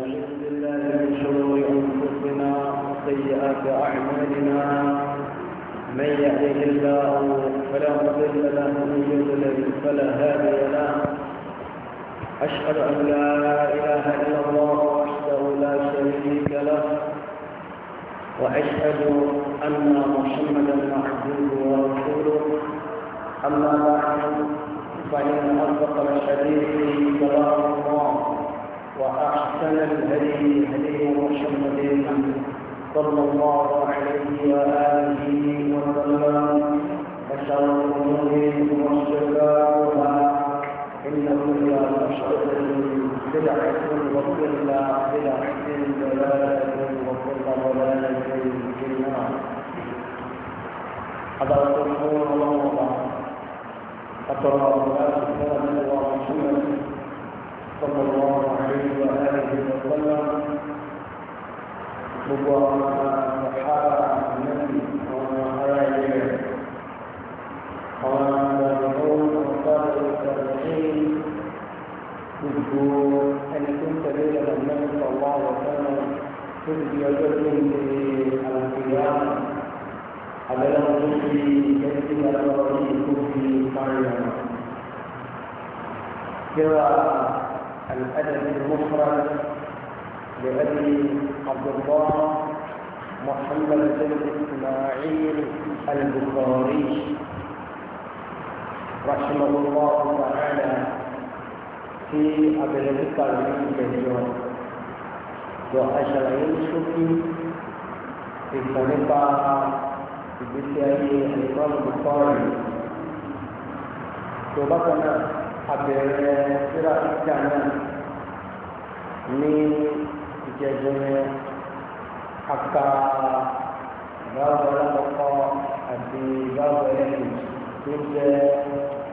ونعوذ بالله من شرور أنفسنا وسيئات أعمالنا من يهده الله فلا مضل ومن يضلل فلا هادي له أشهد أن لا إله إلا الله وحده لا شريك له وأشهد أن محمدا عبده ورسوله أما بعد فإن أصدق الحديث كلام الله وأحسن الهدي هدي محمد صلى الله عليه وآله وسلم وشر الأمور محدثاتها إن كل محدثة بدعة وكل بدعة ضلالة وكل ضلالة في النار حضرة الله أترى الله محمد صلى الله عليه وآله وسلم gbogbo ọ̀pọ̀lọpọ̀ ìnáwó àwọn ará ilé rẹ̀ àwọn àgbàgbọ́ ọ̀pá ìṣẹ̀lẹ̀ gbogbo ẹni tó ń tẹ̀lé ìlànà mẹ́rin ọ̀wá ọ̀sán tó ti di ọjọ́ tó ń tẹ̀lé àlùfíà àbẹ̀lẹ̀ tó fi ẹni tí wọ́n lọ sí ìkó fi parí ọ̀nà. الأدب المفرد لأبي عبد الله محمد بن إسماعيل البخاري رحمه الله تعالى في أبي الذكر من اليوم وأشر يوسف في الطريقة في الإمام البخاري abẹ̀rẹ̀ síra títà náà ní ìjẹ́jẹrẹ aka báwo lọ́kọ́ àti báwo ẹ̀kú tó jẹ́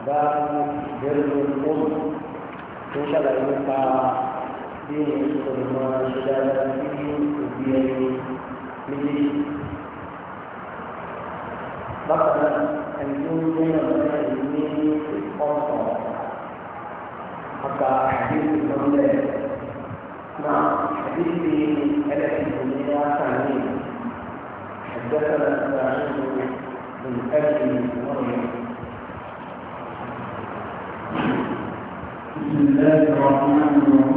báwo bẹ̀rẹ̀ lọ́wọ́ tó ṣàlàyé nípa bí ìṣòro máa ṣe sí òbí ẹni méjèèjì. bákan náà ẹni tó ń gbé ọ̀rẹ́ ní ọ̀sán. حتى حديث نعم حديث ألف المئة ثانية حدثنا أن بن أبي مريم بسم الله الرحمن الرحيم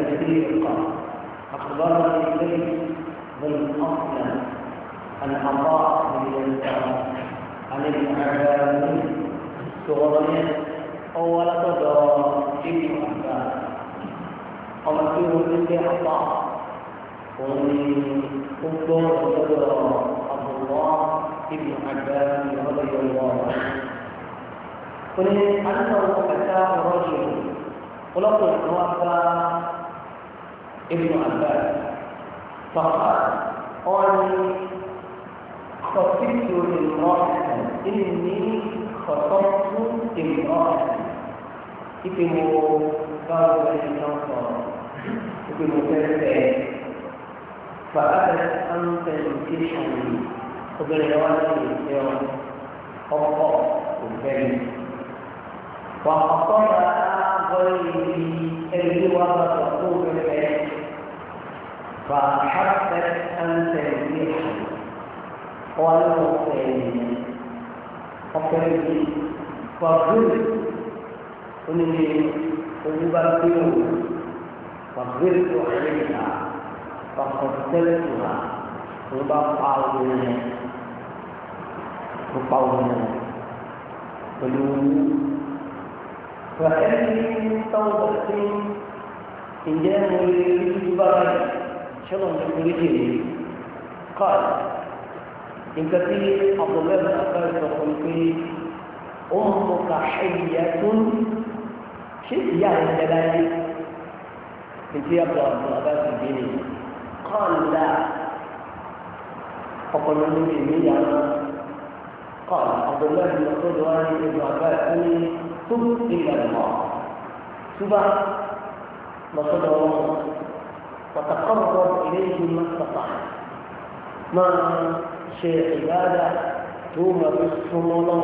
الكبير قال أخبرني إليه بن أصلا أن عطاء بن يسار عن الأعلام صغريا أول تدرى ابن عباس أمكنه من عطاء ومن أفضل تدرى عبد الله ابن عباس رضي الله عنه قل أنه أتاه رجل ولقد توفى ابن عباس فقال أني خطبت امرأة إني خطبت امرأة إبنه قالوا لي نصر ابنه كذا فأبت أن تنكحني فبالعوالي يوم أبقى وكذا وخطبها غيري اللي وضعت فحبت أن تنجحه قالوا أكرمي فاغفر أني أبكره فغفرت عليها فقتلتها وبقعوا منها وقعوا منها قلوب فأي توبة إن جاءوا لي ببركة شنو يريدني قال إن كثير عبد الله بن عباس يقول أمك حية شيء يعني الجلال انت يا عبد العباس الديني قال لا فقل مني قال عبد الله بن مسعود وعلي بن عباس تب إلى الله تبع مسعود الله وتقرب إليه ما استطعت ما شيء عبادة ثم بالصمم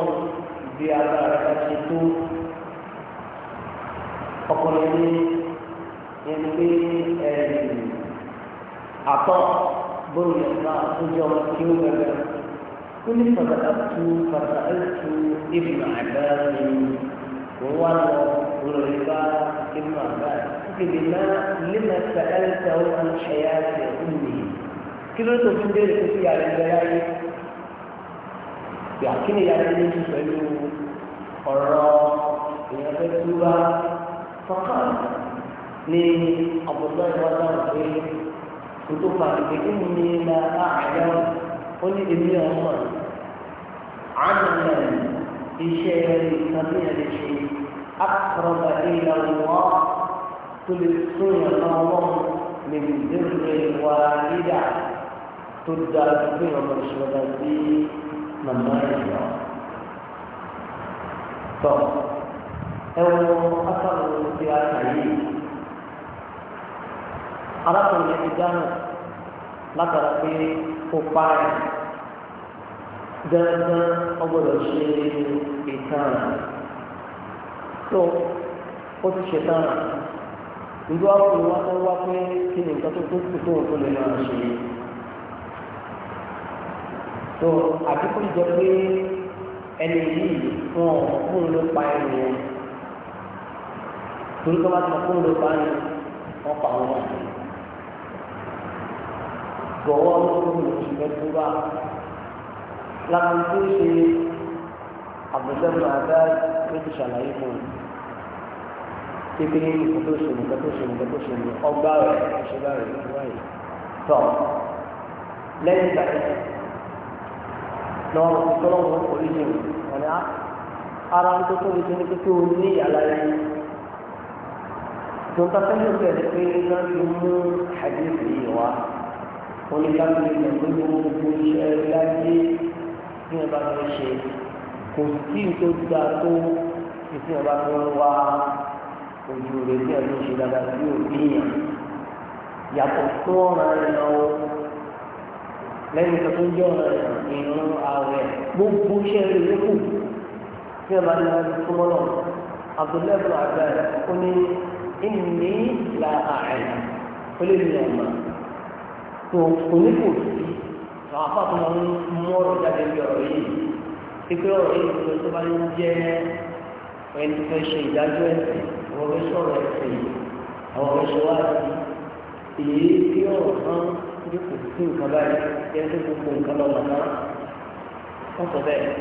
بأبارك الشتوت فقل إليه ينبي عطاء بني الله تجرى كيوما كل فبدأت فسألت ابن عباد وهو ولرضا ابن عباس لما لما سألته عن حياة أمه كل تفهم ذلك في على البلاي يعكني يعني من تسأله قراء يكتبها فقال لعبد الله بن كتب إني لا أعلم قل إني أمر عملا بشيء كبير شيء أقرب إلى الله كل سنة الله من بر الوالدة تدعى في مشهدتي من مالها طب أو أثر الانتهاء العيد أردت أن أتجاهل látara pé kó pààyàn dandan ọgbọ́dọ̀ ṣe ìtàn rẹ̀ tó ó ti ṣe tán ìlú àwọn ìwà tó wá pé kí ni nǹkan tó tó kù tó tó lè máa ṣe tó àdúgbò jẹ pé ẹni yìí wọn ò fún un ló pa ẹni yẹn torí tó bá ti fún ló pa ẹni wọn pa wọn wà gbọwọ lórí oṣù mẹtúbà lára tó ṣe àbùdá màdá ló ti ṣàlàyé fún un pépé nǹkan tó ṣe nǹkan tó ṣe nǹkan tó ṣe ní ọgbà rẹ̀ ọṣọgbà rẹ̀ ìwà yìí tọ̀ lẹ́yìn ìgbà yẹn lọ́wọ́ tó lọ́wọ́ wọn kọ̀rí jù wọn ni ah, ara ń tó tó ní pípé o ní ìyàlá yẹn tó ń ta fẹ́ẹ́ lókè ní pé náà ti mú àdéhùn yìí wá wọn ni láti lè mọ̀ pé gbogbo iṣẹ́ láyé bí wọn bá fẹ́ ṣe kò sí tó dáa tó ìsìn ọba tó ń wá ojú rẹ̀ bí ẹni ṣe dáadáa sí òbí yẹn yàtọ̀ tó ọ̀ràn rẹ̀ náà ó lẹ́yìn tó tó ń jẹ́ ọ̀ràn rẹ̀ ìrún ààrẹ gbogbo iṣẹ́ rẹ̀ lékù tí ẹ bá ní wọn tó mọ́ náà abdullahi abdullahi ó ní ìní la ààrẹ ó lè ní ọ̀mà tó oníkò sí àwọn afá máa ń mú ọ̀rọ̀ jáde bí ọ̀rọ̀ yìí pípé ọ̀rọ̀ yìí tó bá ń jẹ́ ẹni tó fẹ́ ṣe ìdájọ́ ẹ̀sìn àwọn ọ̀rẹ́sọ̀rọ̀ ẹ̀sìn àwọn ọ̀rẹ́sọ̀wádìí èyí tí ọ̀rọ̀ kan ní kò sí nǹkan báyìí kí ẹ tó gbogbo nǹkan lọ mọ̀ náà wọ́n sọ bẹ́ẹ̀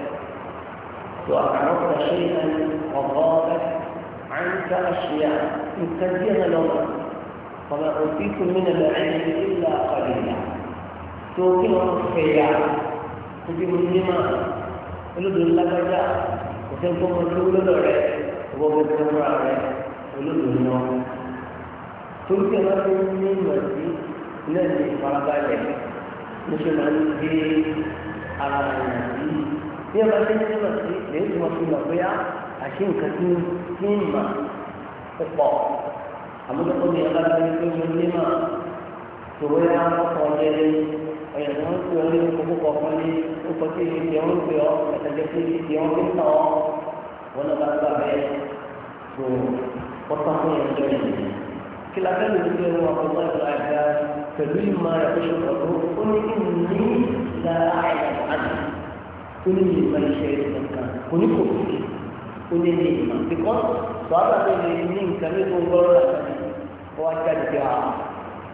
tó àkàrọ̀kọ̀ ṣe é ní ọ̀gọ́ ọ̀rẹ́ àyíká ṣìyà nǹkan díẹ̀ náà lọ́wọ́ ọ̀nà òtítù mílẹ̀ lẹ́yìn ìlà ọ̀dìyà tó kí wọ́n fẹ̀yà níbi mo ní máa olódò lágbájá òfin kọ́mọ tó lọ́dọ̀ rẹ̀ ọgbọ́gbọ́ tó olóòtú wọn torí pé wọn ti ní ìmọ̀ sí náà ní ìfarabalẹ̀ mo ṣe máa ń gbé ara rẹ̀ sí bí wọn bá ti ní ìmọ̀ sí lèyí tí wọn fi mọ̀ pé á àṣé nǹkan tí ń fi ń mà púpọ̀ àmójútó ni ọba ti ní pé mo ní mà tòwé á kọ́ lẹ́yìn ọ̀yẹ̀ ni ń pè ọ́ ní kókó kọ̀ọ̀kan ní kókó tí èyí ti ń pè ọ́ ẹ̀sẹ̀ jẹ́ pé ti ń pè ọ́ wọn lọ́ba gbà bẹ́ẹ̀ وتقول الجنة كلا كان يقول عبد الله بن عباس فبما يخشى الرسول قل إني لا أعلم عنه قل لي ما شيء كان قل كفر قل لي ما because صار من كم يقول وأشجع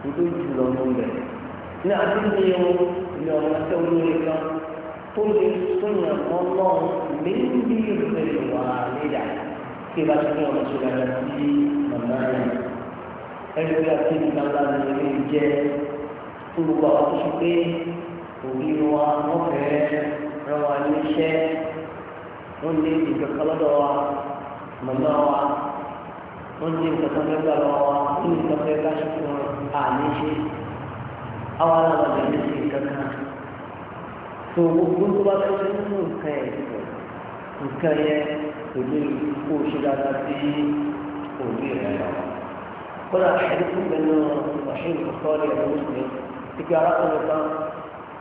يقول لهم نعطيني يوم نسوي لك قل السنة والله من بير الوالدة tí ìbá ti fún ọ̀nà ìṣẹ̀lẹ̀ rẹ̀ sí màmá rẹ̀ ẹ̀rí pé àti ìgbà ńlá ni ilé jẹ́ tó gbogbo àwọn tó ṣe pé òbí wa wọ́n fẹ́ẹ́ rán wa ní iṣẹ́ wọ́n lé ìgbàkan lọ́dọ̀ wa màmá wa wọ́n lé ìgbàkan lọ́dọ̀ wa wọ́n lé ìgbàkan lọ́dọ̀ wa ṣe fún àní ṣe àwọn alábàdà ní ṣe kankan tó gbogbo tó bá fẹ́ nínú nǹkan ẹ̀ nǹkan yẹn kò lè kó ṣe dáadáa sí òbí rẹ̀ lọ. kódà àdínkù pẹ̀lú ọ̀ṣun ìkọ́lé ẹ̀rọ mùsùlùmí ti pé arákùnrin kan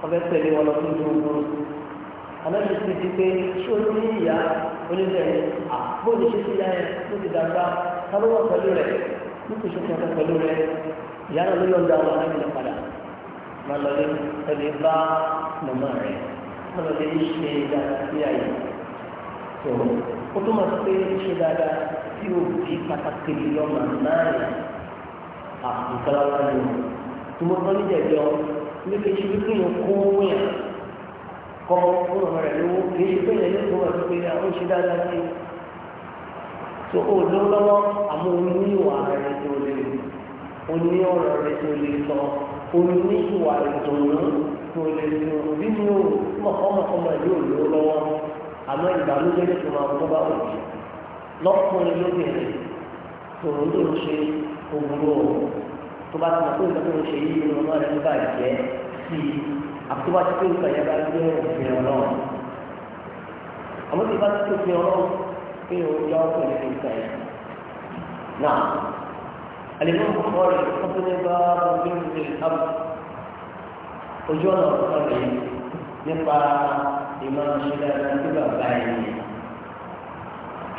ọbẹ̀ tẹ̀lé wọn lọ fún gbogbo. aláṣẹ ti di pé ṣé o ní ìyá onílẹ̀ àpò ìṣe sí ìyá ẹ̀ tó ti dàgbà káló wà pẹ̀lú rẹ̀ ní kò ṣe kí wọ́n pẹ̀lú rẹ̀ ìyá náà ló yọ̀ǹda wọn láti lè máa lọ lé ẹ̀mí bá màmá rẹ̀ máa lọ lé ṣe dáadáa tó o tó ṣe dáadáa tí o bí pàtàkì lọ́mọ náà àbùkálá ni tí mo tán níjà jọ ní kí ṣe wípé yẹn kó wíyà kọ́ fún ọmọ rẹ̀ lówó kì í ṣe pé yẹn ló i o lọ́wọ́ àmọ́ oníwà rẹ̀ tó àmọ́ ìgbàlódé ló máa ń bá wò jù lọ́kùnrin lóbìnrin tòun ló ń ṣe òwúrò tó bá ti mọ̀ pé nǹkan tó ń ṣe yìí ló máa ń bá jẹ́ sí i àtúbà tí pé nǹkan yẹn bá gbé òfin ọlọ́run àmọ́ tí bá ti tó fi ọlọ́run pé o yọ ọkùnrin ní nǹkan yẹn náà àlejò ọkọ rẹ wọn tó ní bá ọdún ìlú ojú ọ̀nà máa ṣe dáadáa بعينية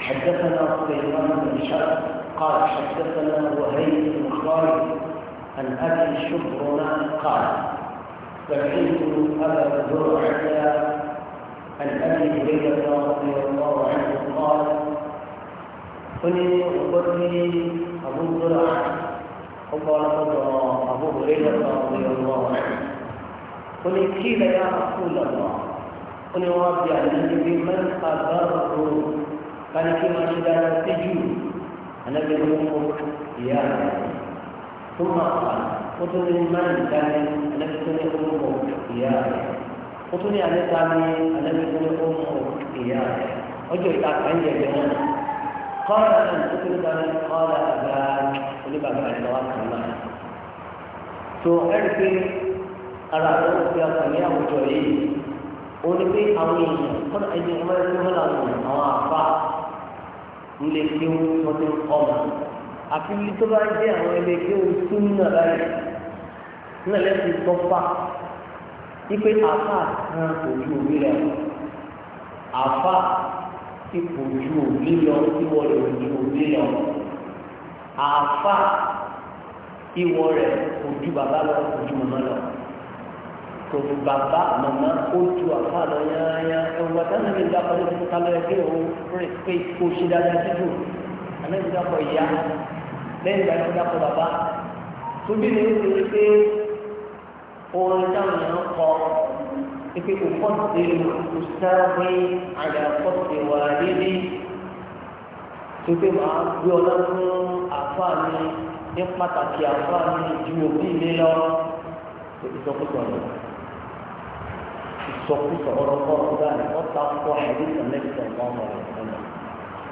حدثنا سليمان بن شرف قال حدثنا وهيب بن خالد عن ابي شكرنا قال سمعت ابا زرعه عن ابي هريره رضي الله عنه قال قل وقل لي ابو زرعه وقال ابو هريره رضي الله عنه قل قيل يا رسول الله ni wọ́n fi àlejò bí mẹ́ta bá rò kánikí máa ṣe dára síjú ànábi ló mú ìyá rẹ̀ tó máa fà ó tún ní máa ń dání ànábi tó ní ó mú ìyá rẹ̀ ó tún ní àlejò ní ànábi tó ní ó mú ìyá rẹ̀ ọjọ́ ìta àkànjẹ ẹ̀jẹ̀ wọn. قال أن تكذب قال أباك ولما بعد نواة المال تو أركي أرى أن أتيا قنيا وجوعي òní pé àwọn èèyàn kọ́nà ẹni ọmọ ẹni wọn làwọn èèyàn àwọn àfa ń lè ké wọn ti ń ọmọ àfi ní tó bá dé àwọn ilé ké wọn tún ní nàlá yẹn nílẹ̀ lẹ́sìn tọ́fà ipe àfa kan kò ju òbí rẹ̀ àfa ti kò ju òbí lọ tí wọ́n lè òbí lọ àfa ìwọ rẹ̀ kò ju bàbá lọ kò ju màmá lọ tòun bàbá màmá ó ju àfa lọ yányá ẹwà táwọn ẹni ìdá kan ní kálọ ẹgbẹ́ òun rìn pé kò ṣe dáadáa dídùn àmì ìdá kan ìyá lẹ́yìn ìgbà ìdá kan bàbá tóbi ní ó ti pé orin táwọn èèyàn kọ pé òfòsìlì òsàbí àdàkọ́sì wà nílé tó pé màá gbé ọlá fún àfa mi ní pàtàkì àfa mi ju òbí mi lọ ìsọkúsọ lọ. الصفوف أوروبا كذا قد تقوى حديث النبي صلى الله عليه وسلم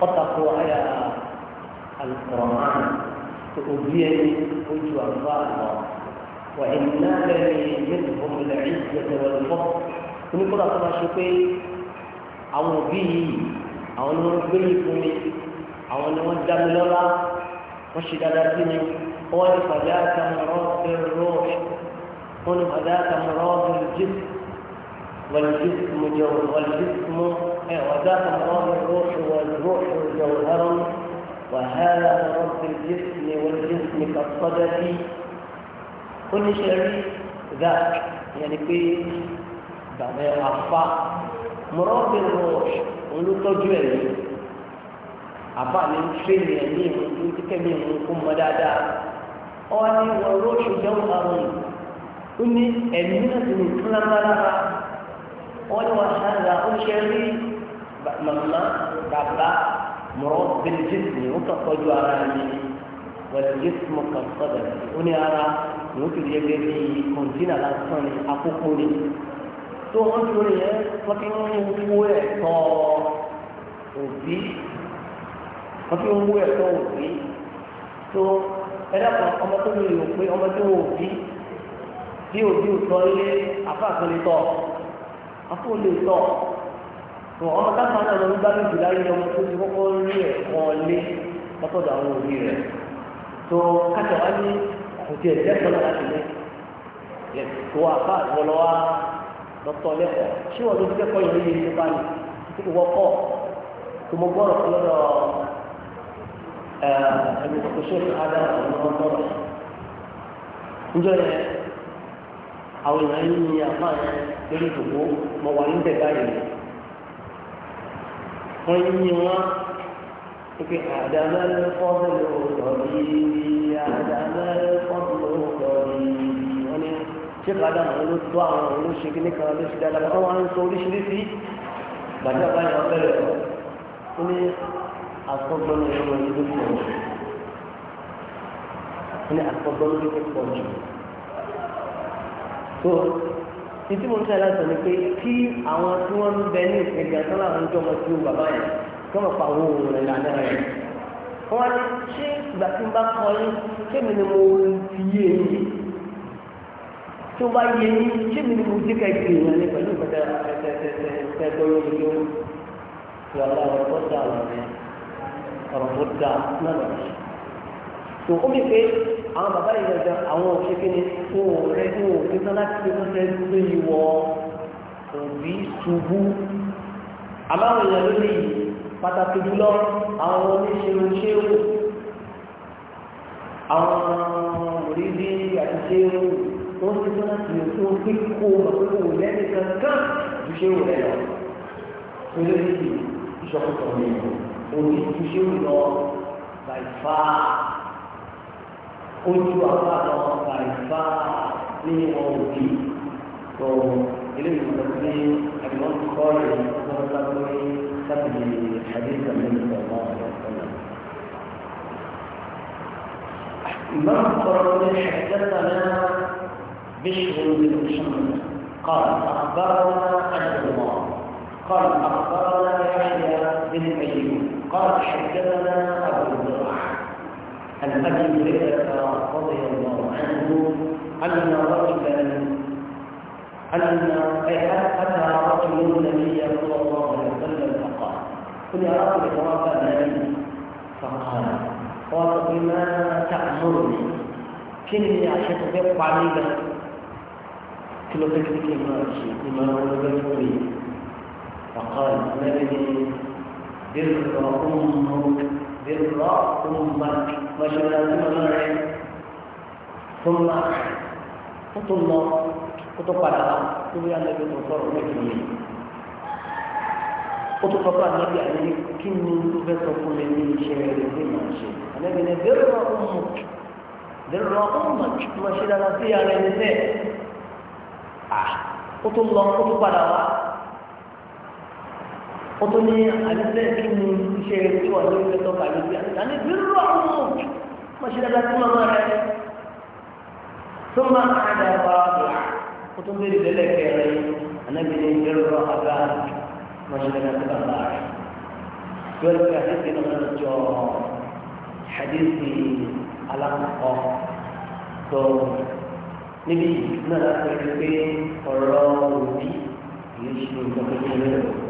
قد تقوى آية على القرآن تؤذيني كنت أرضى الله وإن نالني منهم العزة والفضل من كل أصلا شكي أو به أو نبلكني أو نودم لغا وشي دارتني هو فذاك مراد الروح هو فذاك مراد الجسم والجسم جو والجسم وذاك الله الروح والروح جوهر وهذا رب الجسم والجسم كالصدف كل شيء ذاك يعني في بعد أعفاء مراد الروح ولتجوي أعفاء من شيء يعني يتكلم منكم يعني مدادا أو أن الروح جوهر كل أمينة من كل wọ́n ní wọ́n sára ó ṣe rí màmá bàbá mọ̀rọ́ bẹ́lẹ́jìs ni ó kà tọ́jú ara mi wẹ̀lẹ́jìs mọ̀ kà sọ́dọ̀ ó ní ara ni ó ti rí ẹgbẹ́ bí kọ̀ǹtínà lásán ni akókó ni tó wọ́n ti rí yẹn wọ́n ti ń wú ẹ̀tọ́ òbí wọ́n ti ń wú ẹ̀tọ́ òbí tó ẹlẹ́kọ̀ọ́ ọmọ tó lè rò pé ọmọ tó wò òbí bí òbí ò tọ́ ilé àfáàfin lè tọ́ ọ afọ lè tọ ọmọ káfá náà lọ gbá méjì láyé ọmọ tó ti kọ́kọ́ rí ẹ̀kọ́ lé lọ́tọ̀dọ̀ àwọn òbí rẹ̀ tó kájà wá ní kò tiẹ̀ lẹ́kọ̀ọ́ náà láti lé tó àbá àgbọ̀lọ́wà lọ́tọ̀ lẹ́kọ̀ọ́ ṣé wọ́n tó ti kẹ́kọ̀ọ́ yẹn yé nípa ni tí kò wọ́pọ̀ tó mo gbọ́dọ̀ kọ́ lọ́dọ̀ ẹ̀ẹ́dẹ̀kọ̀ṣẹ́ àwọn èèyàn ń yin àfa yẹn lórí ìdòwò mọ wà ní bẹ̀ báyìí wọ́n yin wọn pé àdámẹ́rẹ́ fọ́ọ̀mù lọ́dọ̀ yìí àdámẹ́rẹ́ fọ́ọ̀mù lọ́dọ̀ yìí wọ́n ní ṣé kàdá àwọn ló àwọn olóṣè kí ní kan ló ṣe dáadáa wọ́n ń sọ oríṣiríṣi gbàdúrà báyìí wọ́n bẹ̀rẹ̀ wọ́n ní àkọ́gbọ́n ní ọmọ ìlú pọ̀ jù wọ́n ní àkọ́gbọ́n ní ọmọ ìlú pọ̀ So, ní tí mo ń sẹ́yìn láti sọ ni pé kí àwọn tí wọ́n ń bẹ ní ìpínlẹ̀ àti àwọn àwọn ìjọba tí ó bàbá yẹn kí wọ́n pa owó òun rẹ̀ lánàá rẹ̀ wọ́n á ní ṣé ìgbà tí ń bá kọ́ yín kémi ni mo fi yé yín tó bá yé yín kémi ni mo dé ká ìgbé yẹn ní pẹ̀lú ìpẹ́tẹ́ ẹ̀ẹ́dẹ́gbẹ́ lórí yó yàrá ọ̀rọ̀ tó dáa ọ̀rọ̀ tó dáa náà lọ́wọ́ tó àwọn bàbá yìí gbẹ̀gbẹ̀ àwọn òṣè kí ni fún ọ̀rẹ́ fún òṣè tán láti fi fún ṣe gbé ìwọ òbí ṣubú àbáwọn èèyàn ló lè pàtàkì jùlọ àwọn oníṣirò ṣéwò àwọn òrìdí àti ṣéwò wọ́n ti tán láti lè fún kíkó àkókò lẹ́nu kankan ju ṣéwò rẹ̀ lọ pẹ̀lú ìṣọkùtọ̀ mi òní ju ṣéwò lọ by far. ojú àwọn àwọn àìfà ní wọn ò bí tó eléyìí tó ti àdìwọ́n ti kọ́ rẹ̀ lọ́wọ́ sábẹ́ sábẹ́ àdéhùn àmì ìgbàgbọ́ àwọn ọ̀sán. إمام قرآن حدثنا بشر بن محمد قال أخبرنا عبد الله قال أخبرنا يحيى بن أيوب قال حدثنا أبو الزرع عن ابي رضي الله عنه ان رجلا ان اتى رجل النبي صلى الله عليه وسلم فقال قل يا رجل توافى النبي فقال قال بما تامرني كلمه عشان تبقى عليك كل فكرك ما بما لما ولدت فقال ما بني بر امك بالراء ثم مجرى ثم مرع ثم قلت الله قلت قال قلت يا النبي انصر امتي قلت فقال النبي عليه كني تبسط مني شيء لما شيء النبي بر امك بر امك ما شيء لا فيها على النساء قلت الله قلت قال wọ́n tún ní àdìsẹ́ kí ni iṣẹ́ tí wà ní ilé tọ́ka ní bí àti àní bí rú àwọn òkè má ṣe dáadáa sí màmá rẹ tó máa ń àdá bá bìlà wọ́n tún béèrè lẹ́lẹ̀ kẹrin ànábi ní bí rú àgbà má ṣe dáadáa sí bàbá rẹ yóò lè fi àdìsẹ́ náà lọ jọ àdìsẹ́ alákọ̀ọ́ tó níbi náà láti rí pé ọ̀rọ̀ òbí kì ṣe nǹkan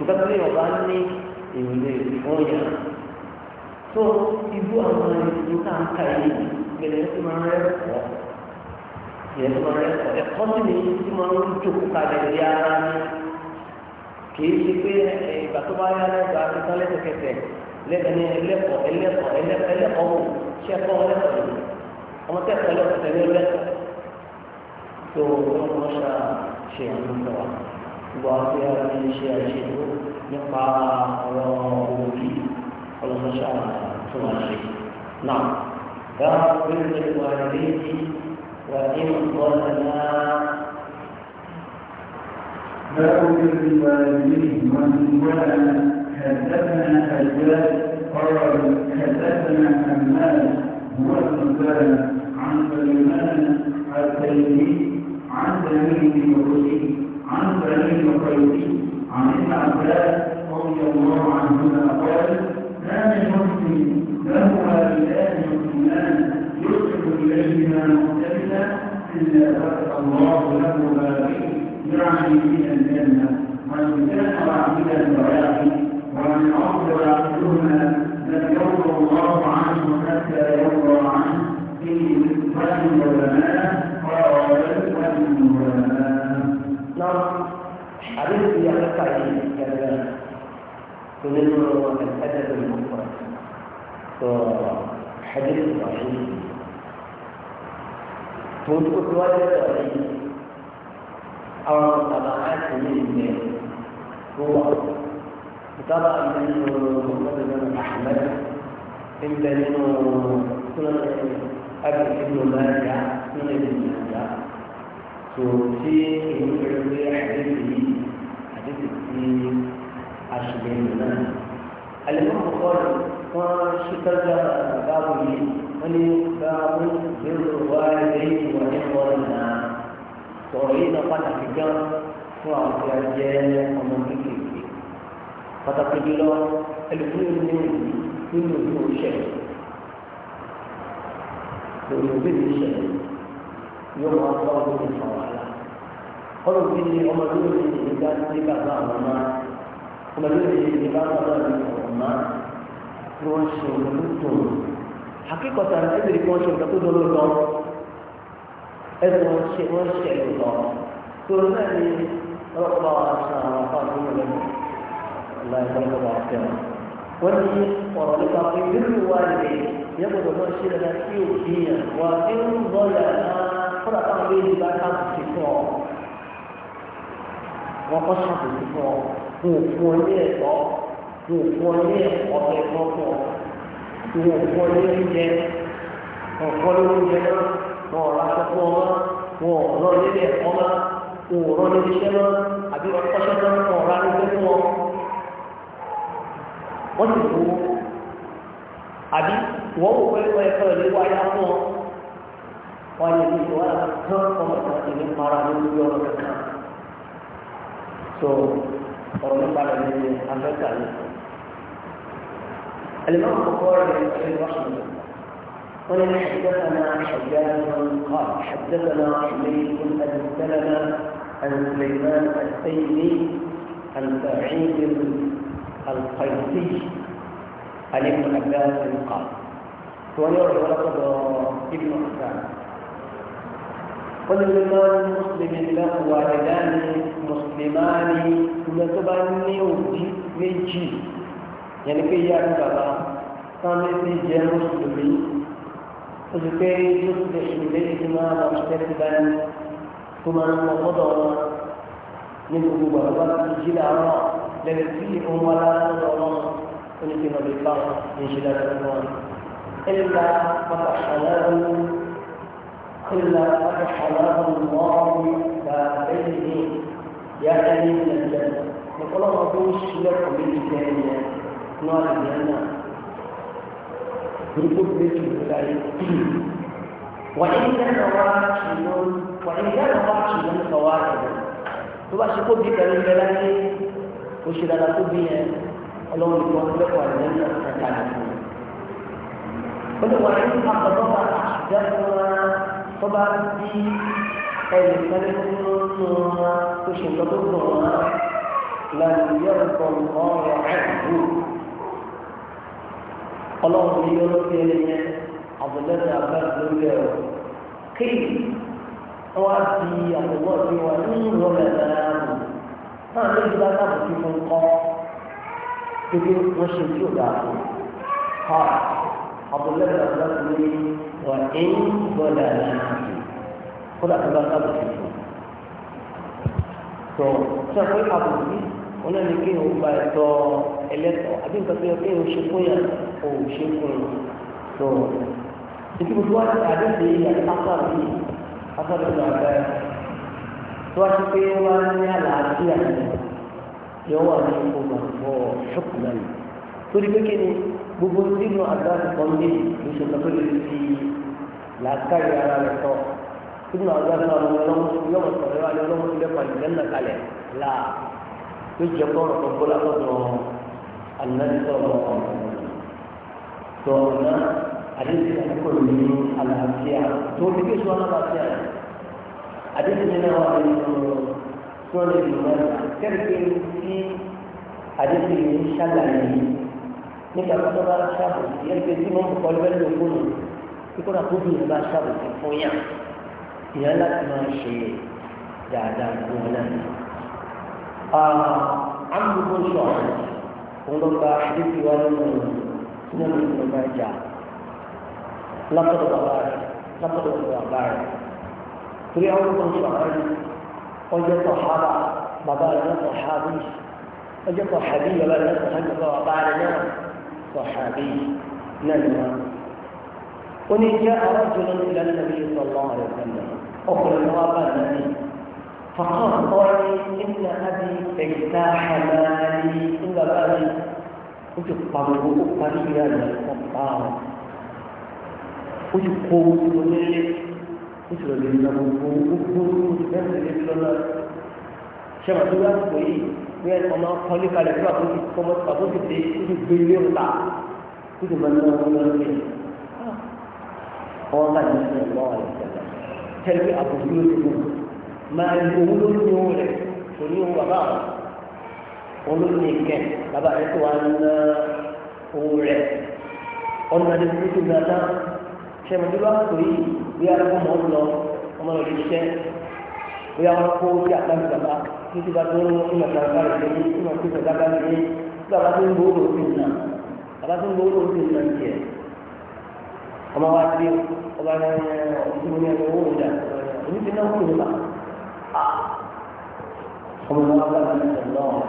ìgbàgbọ́ yìí ọba ní ìwé ìfọyà tó ibú àwọn ìlú tá à ń ka yìí gbẹlẹ tó máa rẹ pọ yẹ tó máa rẹ pọ ẹ̀kọ́ sì ni tó máa ń jókòó kalẹ̀ ní ara ní kì í ṣe pé ìgbà tó bá yá lẹ́gbàá akẹ́kọ̀ọ́ lẹ́sẹ̀kẹsẹ̀ lẹ́gbẹ̀ẹ́ ẹlẹ́kọ̀ọ́ ẹlẹ́kọ̀ọ́ ẹlẹ́kọ̀ọ́ wò ṣẹ́kọ̀ọ́ ẹlẹ́kọ̀ọ́ yìí ọmọ tẹ́kọ̀ọ́ ẹlẹ́kọ̀ọ́ tẹ̀lé ẹlẹ́kọ̀ọ́ tó واقعي من شيء شيء يقع وروحي والخشعة ثم شيء نعم باب بر الوالدين وإن ظلما لا بر الوالدين وإن ظلما حدثنا أجداد قال حدثنا أمال هو ابن عن سليمان التيمي عن سليم الرشيد عن سليم الخيري عن ابن عباس رضي الله عنهما قال ما من مسلم له هذان مسلمان يصحب اليهما مختلفا الا فتح الله له بابين يعني من الجنه وان كان واحدا فواحد ومن عرض احدهما لم يرضى الله عنه حتى يرضى عنه في فهم العلماء قال فهم العلماء نعم حديث يقطع كلام تنمر الأدب المفرد حديث ضعيف تنقص ولا ضعيف أو طبعات من هو طبعا من مسلم أحمد إن من سنن أبي بن ماجه سنن ابن ماجه tó tí èyí pẹ̀lú pé àdéhùn yìí àdéhùn tí aṣèlè nìyà. àlejò àkọ́kọ́ wọn ṣètọ́jà báwo yìí wọ́n ní báwo bẹ́ẹ̀ wá lẹ́yìn wọn ní wọn náà sọ̀rọ̀ yìí náà pàtàkì gan fún àwọn tí a jẹ́ ọmọ kékeré pàtàkì jùlọ ẹlòmíràn ní nínú ìlú òṣèlú lórí òbí mi ṣẹlẹ̀ yóò máa tọ́ ọdún ní ìfọwọ́lá. kọ́lù bí ọmọdé ní ìgbà tí bàbá àwọn máa ọmọdé ní ìgbà bàbá àwọn ọmọ tí wọ́n ṣe olóòtú tó ń. akẹ́kọ̀ọ́ta ní ẹ̀bìrì kí wọ́n ṣe nǹkan tó dọ́ lọ́tọ́ ẹ̀sùn wọn ṣe wọ́n ṣe lọ́tọ́ náà ní ọlọ́pàá àṣà àwọn afáàfin ọlọ́pàá láì wọ́n ní ọ̀rọ̀ nípa pé nínú wáyé yẹ́pọ̀ tó wọ́n ṣe lọ́tọ́ sí òbí yẹn wà á kódà táwọn ilé ìlú bá sáàpù sí fún ọ wọn kọ́ sáàpù sí fún ọ fún òfin ọ ní fún òfin ọ ní ẹ̀kọ́ tó ẹ̀kọ́ fún ọ fún òfin ọ oúnjẹ náà fún ọ mọ́ wọn ò rán nílé ẹ̀kọ́ mọ́ wọn ò rán nílé iṣẹ́ àbí wọn kọ́ṣẹ́ mọ́ wọn ò rán fún ọ wọ́n ti wò àbí wọ́n wò pé ẹ̀kọ́ ìléwọ́ ayé fún wọ́n yẹ kí wọ́n á kán ọmọ kan ti ní para lórí ọ̀rọ̀ kankan. so ọ̀rọ̀ nípa rẹ̀ ní amẹ́ta ni. الإمام البخاري رحمه الله قال حدثنا حجاج قال حدثنا حميد بن أبي سلمة عن سليمان السيدي عن سعيد القيسي عن ابن عباس قال ويروي الله ابن عباس قل لمن مسلم له والدان مسلمان كما تبني ودي ميجي يعني كي يا بابا كان في جهه مسلمي فذكر يصلح اليهما مشتركا ثم نقضى من أبوه وقد جل الله لنسيهم ولا نضر ونسيهم بالله من شدة الأموال إلا فتحناه إلا أدخله الله يا يعني من الجنة نقول الله دوش لكم بالجنة نار الجنة يقول بيت الولاية وإن كان واكب وإن كان واكب من فواكب تبقى شكو بيت الولاية وشي لا تبقى الله يقول لكم الجنة فتعلمون قل وإن أقضى أحدهما tó bá bí ẹnì kan nínú wọn tó ṣe nǹkan tó gbọ̀n wọn lànà yọ̀rọ̀ kan ọ̀rọ̀ àìkú ọlọ́run ní yọ̀rọ̀ sí ẹni yẹn àbọ̀lẹ́sẹ̀ àbẹ́rẹ́ lórí ẹ̀rọ kéèyì wọ́n á di àbọ̀bọ̀ sí wọn nínú ìrọ̀lẹ́ náà náà ló ti bá sábà fi fún kọ́ gbogbo wọn ṣe tí ò dáa fún ha àbọ̀lẹ́sẹ̀ àbẹ́rẹ́ lórí ẹ̀rọ wà ní gbọ́dọ̀ náà kódà tó bá sábà tó fún tó tó pé àbùkù wọn ní kí n gba ẹ̀tọ́ ẹlẹ́tọ̀ọ́ àbí nǹkan tó yẹ kí n ṣe fún yà kó o ṣe fún un tó ìdí gbogbo àti àdéhùn yìí àti afárò yìí afárò yìí àgbà yà tó a ti pé wọn ní àlàáfíà yìí yọ wà ní ìfowópamọ́ ṣọ́kùnrin torí pé kí ni gbogbo tí mo àgbà ti kọ́ ní oṣù kan tó lè fi làákàyè ara rẹ̀ tọ́ tí mo àgbà ti kọ́ ọlọ́mọ yọmọ sọ̀rọ̀ yọ ọlọ́mọ ilé kan ìjẹ́ nà kalẹ̀ là yóò jẹ́ kọ́ ọ̀rọ̀ tó bọ́lá lọ́dọ̀ ànáni sọ̀rọ̀ tọ̀ ọ̀nà àdéhùn àdéhùn ní àlàáfíà tó ní kí sọ́nà àlàáfíà àdéhùn ní náà wà ní sọ́nà ìlú ní sálàyé yìí nígbà tó bá rà ṣàbòsí ẹgbẹ́ tí wọ́n kọ́ lọ́wọ́ ló fún un tí kò náà kóbi ìyẹn bá ṣàbòsí fún yà fún láti máa ṣe dáadáa fún wọn náà. àmúgbó so òun ló gba àdéhùn wa nínú sínú ìlú ìjọba ìjà látọ̀dọ̀ bàbá rẹ̀ látọ̀dọ̀ bàbá rẹ̀ torí àwọn ọmọ sọ̀rọ̀ ọjọ́ tó sọ̀hábà bàbá rẹ̀ náà sọ̀hábì ọjọ́ sọ̀hábì bàbá rẹ̀ náà sọ̀hábì bàbá rẹ̀ náà صحابي نجمة وني جاء رجل إلى النبي صلى الله عليه وسلم أخرى الغابة النبي فقال طاري إن أبي اجتاح مالي إن أبي ojú pàmò ó parí ìyá rẹ̀ wọ́n pa ọ́ ojú kó owó nílé ó sì lọ́ọ́ lè nà gbogbo ní ẹni ọmọ kọ́lé kalẹ̀ fún àbójú kọ́mọ àbójú tẹ kúrò gbélé ọ̀tà kúrò máa ń lọ wọn lọ sí ọwọ́ láti ní ọmọ rẹ̀ tẹ́lẹ̀ àbójú ló ti mú máa ń owó ló ní owó rẹ̀ kò ní owó bàbá wọn ló ní kẹ́ bàbá rẹ̀ tó wà ń ná owó rẹ̀ ọ̀nà àti kúrò gbàdá sẹ́mọ̀tí bá kò yí bí arákùnrin ọ̀hún lọ ọmọ rẹ̀ ṣiṣẹ́ bí arákùnrin ó ti àtàkùn bàbá títí bá tó ń kí màtá bá rẹ̀ lé kí màtá bá bá rẹ̀ lé kí bàbá tó ń gbòòrò sí nà bàbá tó ń gbòòrò sí nà tiẹ̀ ọmọ wa ti ọba ní ọdún ní ẹgbẹ́ owó ìjà èmi ti náà kúrò nípa ọmọ wa bá mi sọ lọ́wọ́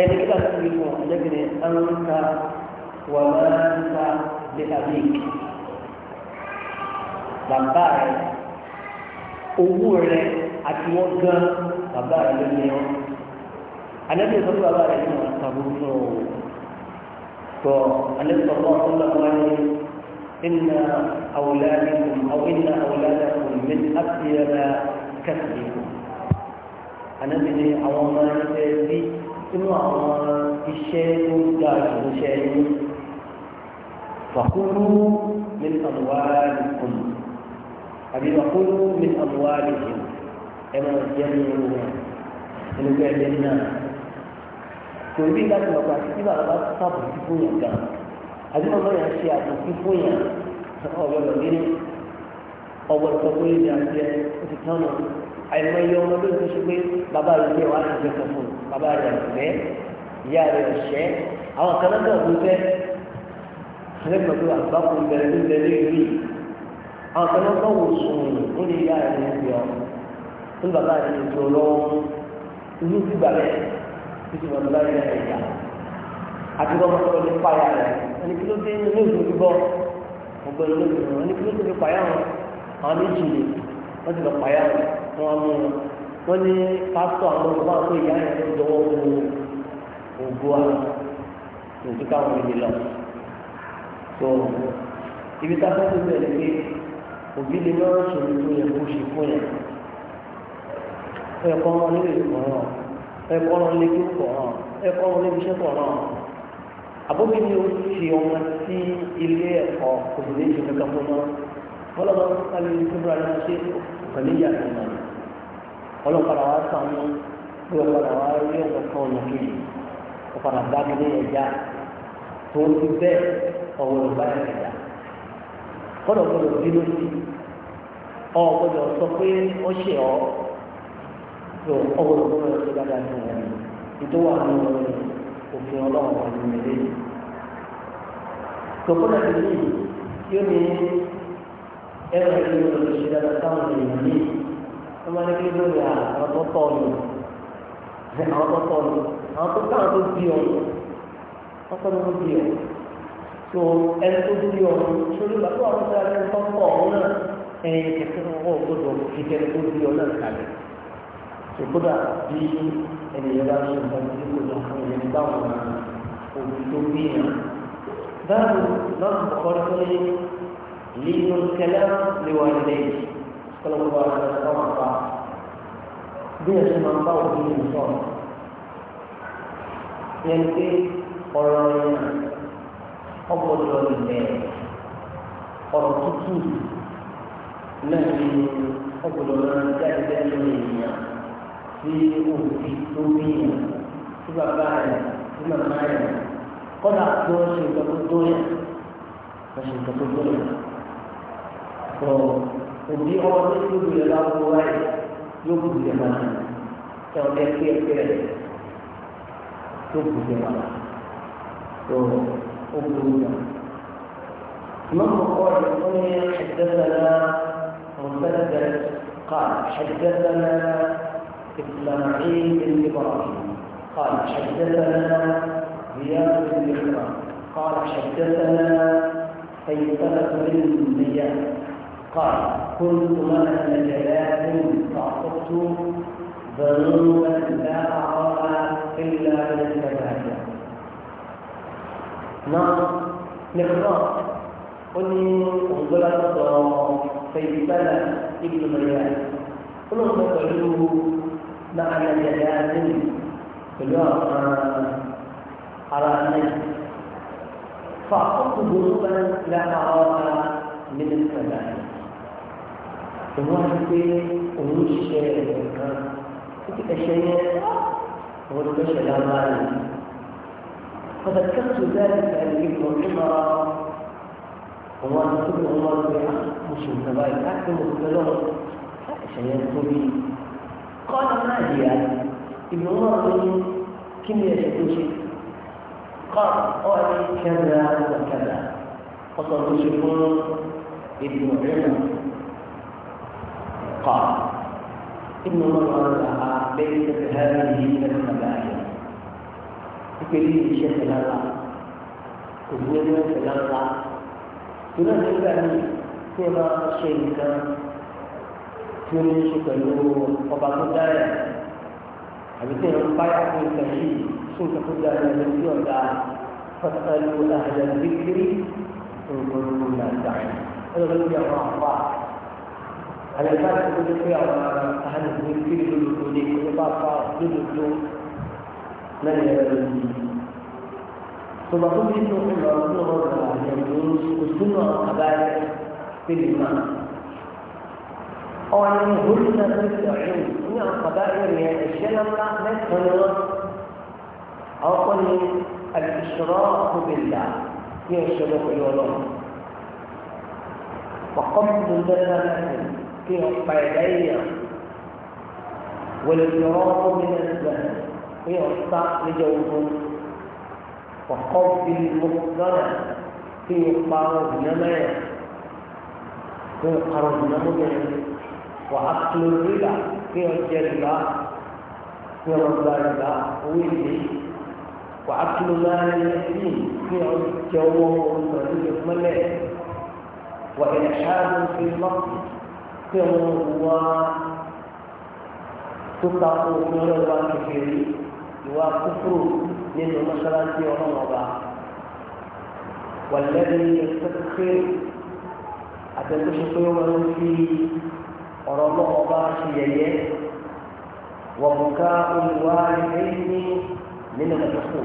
ẹni kí bàtà ti fún ọjọ́ kìíní anka wà máa ń ta lé àbíkì bàbá rẹ̀ owó rẹ àti wọ́n gan bàbá rẹ ló ní wọn alẹ́bí sọ pé bàbá rẹ ní wọn kàbó ní o tọ alẹ́bí sọ pé ọ̀sán lọ́wọ́ ni inna awladakum aw inna awladakum min atyaba kasbikum alẹ́bí ni àwọn ọmọ ẹgbẹ́ bí inú àwọn iṣẹ́ tó ga jù iṣẹ́ yìí fàkúrú min àlùwárí kùnú àbí wàkúrú mi àbúwá rẹ̀ jù ẹ máa jẹ́ ní ewu wọn ẹni bẹ́ẹ̀ lẹ́yìn náà kò rí láti mọ̀ pé àti tí bàbá bá sábà sí fún yàn gan àbí wọn bá yàn ṣe àbòsí fún yàn ọ̀gbọ̀dọ̀ nínú ọ̀gbọ̀dọ̀ sọ pé ìdí àti ẹ ó ti tán náà àìmọye ọmọ ló ti ṣe pé bàbá rẹ̀ ní wàá ṣiṣẹ́ kan fún un bàbá rẹ̀ ọ̀fẹ́ ìyá rẹ̀ ọ̀ṣẹ́ àwọn kan náà dọ̀ fún fẹ́ ṣẹlẹ̀ pẹ̀lú àgbákùn bẹ̀rẹ̀ ní bẹ̀rẹ̀ ní ìlú àwọn kan náà kọ́ wò sùn ó lè yá ẹni níbi ọ ní bàbá rẹ ti tó lọ́wọ́ inú ti gbà bẹ́ẹ̀ títí wọn bàbá rẹ ti yà àti wọn kọ́ ní pààyà rẹ ẹni kí ló dé inú ìlú ti ọgbẹ́ ló ti rọ ẹni kí ló ti pààyà wọn àwọn méjì ni wọ́n ti lọ pààyà wọn wọn mú wọn wọ́n ní pásítọ̀ àwọn ọmọ àwọn ìyá yẹn ló dọwọ́ wo ògo àwọn òtún káwọn ìdílọ tó ibi tá a fẹ́ tó bẹ̀rẹ̀ òbí lè má sọ̀rọ̀ tó yẹ kó ṣe fún yẹn ẹ̀kọ́ wọn nílé kọ̀ọ̀ràn ẹ̀kọ́ wọn nílé kí kọ̀ọ̀ràn ẹ̀kọ́ wọn níbi iṣẹ́ kọ̀ọ̀ràn àbókí ni ó ti ọmọ sí ilé ẹ̀kọ́ òbí lè ṣe kankan fún wọn fọlọ́dọ̀ kálí ní kíkúrò àti ṣe pẹ̀lú ìyá àti ìmọ̀ ọlọ́pàá wa sànú bí ọlọ́pàá wa rí ọ̀dọ̀ kan ọ̀nà kejì ọ̀pàdà bá mi ní ẹ̀já tó ti bẹ́ẹ̀ ọ̀wọ̀ ìbá ẹ̀já kọ́dọ̀ gbọ́dọ̀ bínú sí ọ gbọ́dọ̀ sọ pé ó ṣe ọ́ tó ọ gbọ́dọ̀ ṣe dáadáa ní ọ̀rẹ́ ìtọ́wà ní ọ̀rẹ́ òfin ọlọ́run wà ní ìrẹ́lẹ̀ yìí sí ní yóò ní ẹ̀rọ ìlú ọ̀rẹ́ ṣe dáadáa táwọn ènìyàn ní wọ́n máa ní kí ló yà àwọn tó tọ́ ọ̀nà àwọn tó tọ́ ọ̀nà àwọn tó tó ẹni tó dúró ọ̀hún sórí ìgbà tó àwọn ọ̀sẹ̀ ẹni tó ń pọ̀ ọ̀hún náà ẹ̀yìn kẹ̀kẹ́ ọ̀hún gbọdọ̀ kíkẹ́ ẹni tó dúró náà kalẹ̀ tó gbọdọ̀ bí ẹni yẹn bá ṣe nǹkan tó gbọdọ̀ fún ẹni báwọn òbí tó bí yàn. báwo lọ́sùn kọ́ tó ní lílo kẹlẹ́ léwà ilé yìí kọ́lọ́gbọ́ àwọn ọ̀sẹ̀ wọn pa bí ẹ̀sùn máa ń bá òbí yẹn sọ̀rọ̀ yẹn pé ọ̀rọ̀ yẹn ọgbọdọ ilẹ̀ ọ̀rọ̀ tútù náà ni ọgbọdọ náà jáde lẹ́nu ènìyàn tí òbí tó níyàn tí bàbá rẹ̀ tí màmá rẹ̀ kọ́dà tó ń ṣe nǹkan tó dóyà wọ́n ṣe nǹkan tó dóyà tó òbí ọwọ́ tó tó gbìyànjú láwùjọ wáyé yóò gbìyànjú máa tẹ ọdẹ pé ẹgbẹ́ rẹ̀ yóò gbìyànjú máa tó. أبوية من قال الدنيا حدثنا مسدد قال حدثنا إسماعيل بن إبراهيم قال حدثنا زياد بن إبراهيم قال حدثنا فيسلة بن زياد قال كنت من نجلات فأخذت ذنوبا لا أراها إلا من الكبائر náà nìkan ó ní òǹgbọ́lá sọ fẹ̀yìntàlá ìlú mẹ́rin àti ó lóun sọ pẹ̀lú náà nàìjíríà àdéhùn pẹ̀lú àwọn ará náà فأخذت ذنوبا لا أراها من السماء ومعرفة أمور الشيء كنت كشيء وقلت لها مالي فذكرت ذلك لابن عمر وما الله عمر مش متباين أحكم الكلام عشان ينقلي قال ما هي ابن عمر كم يشكو قال أعلي كذا وكذا فصل يشكون ابن عمر قال ابن عمر ليست هذه من الكبائر ìpele iṣẹ́ tẹ̀lé ńlá kò sí ẹni wọn tẹ̀lé ńlá tó náà nígbà míì tí ẹ bá ṣe nǹkan tí ó ní ṣe pẹ̀lú ọba tó dára àbí tí ẹ ń báyà fún ìtàn yìí fún ìtàn tó dára ẹni tí ọ̀dà fọ́tàlù àhàlẹ̀ kékeré ògbóni nàìjà ẹ lọ́dọ̀ lórí àwọn àfa àlẹ́ bá ti kó tó pé àwọn àhàlẹ̀ kékeré lódodo ní ìpínlẹ̀ bá fa lódodo. lẹ́yìn ẹ̀rọ yìí tọba tó bí inú ìlọ ọdún ọgbà àyẹ̀wò òṣùnà àbáyé pẹ̀lú náà ọ̀rọ̀ ni òhun náà tó ti ọ̀hún ní àwọn àbáyé rẹ̀ ẹ̀ṣẹ́ lọ́la mẹ́sàn-án ni wọ́n àwọn kan ní àlùsọ̀rọ̀ ọ̀gbìnlá ní ọ̀ṣẹ́ lọ pẹ̀lú ọlọ́run ọ̀kọ́ mi ló ń dẹ́ta lẹ́sìn kí ọ̀pá ẹ̀dá èèyàn wọlé ìrọ̀ ọ̀gbìnlá هي وسط لجوف وقبل المقدرة في مقدار الدماء في قرض المدن وعقل الربا في الجلبة في مقدار ويدي وعقل مال اليتيم في جوه وفي ملاك وإلحاد في النقد في مرور تقطع في رضا كثيرين ìwà kúkúrú nínú mọ́ṣáláṣí ọlọ́run ọba wàlẹ́bí ẹ̀sẹ̀kẹ́ àtẹ̀kọ́ṣe pé wọ́n ń fi ọ̀rọ̀ ọlọ́run ọba ṣe yẹ̀yẹ́ wọ̀bùká olùwà ẹ̀yìn nínú ẹ̀sẹ̀kọ́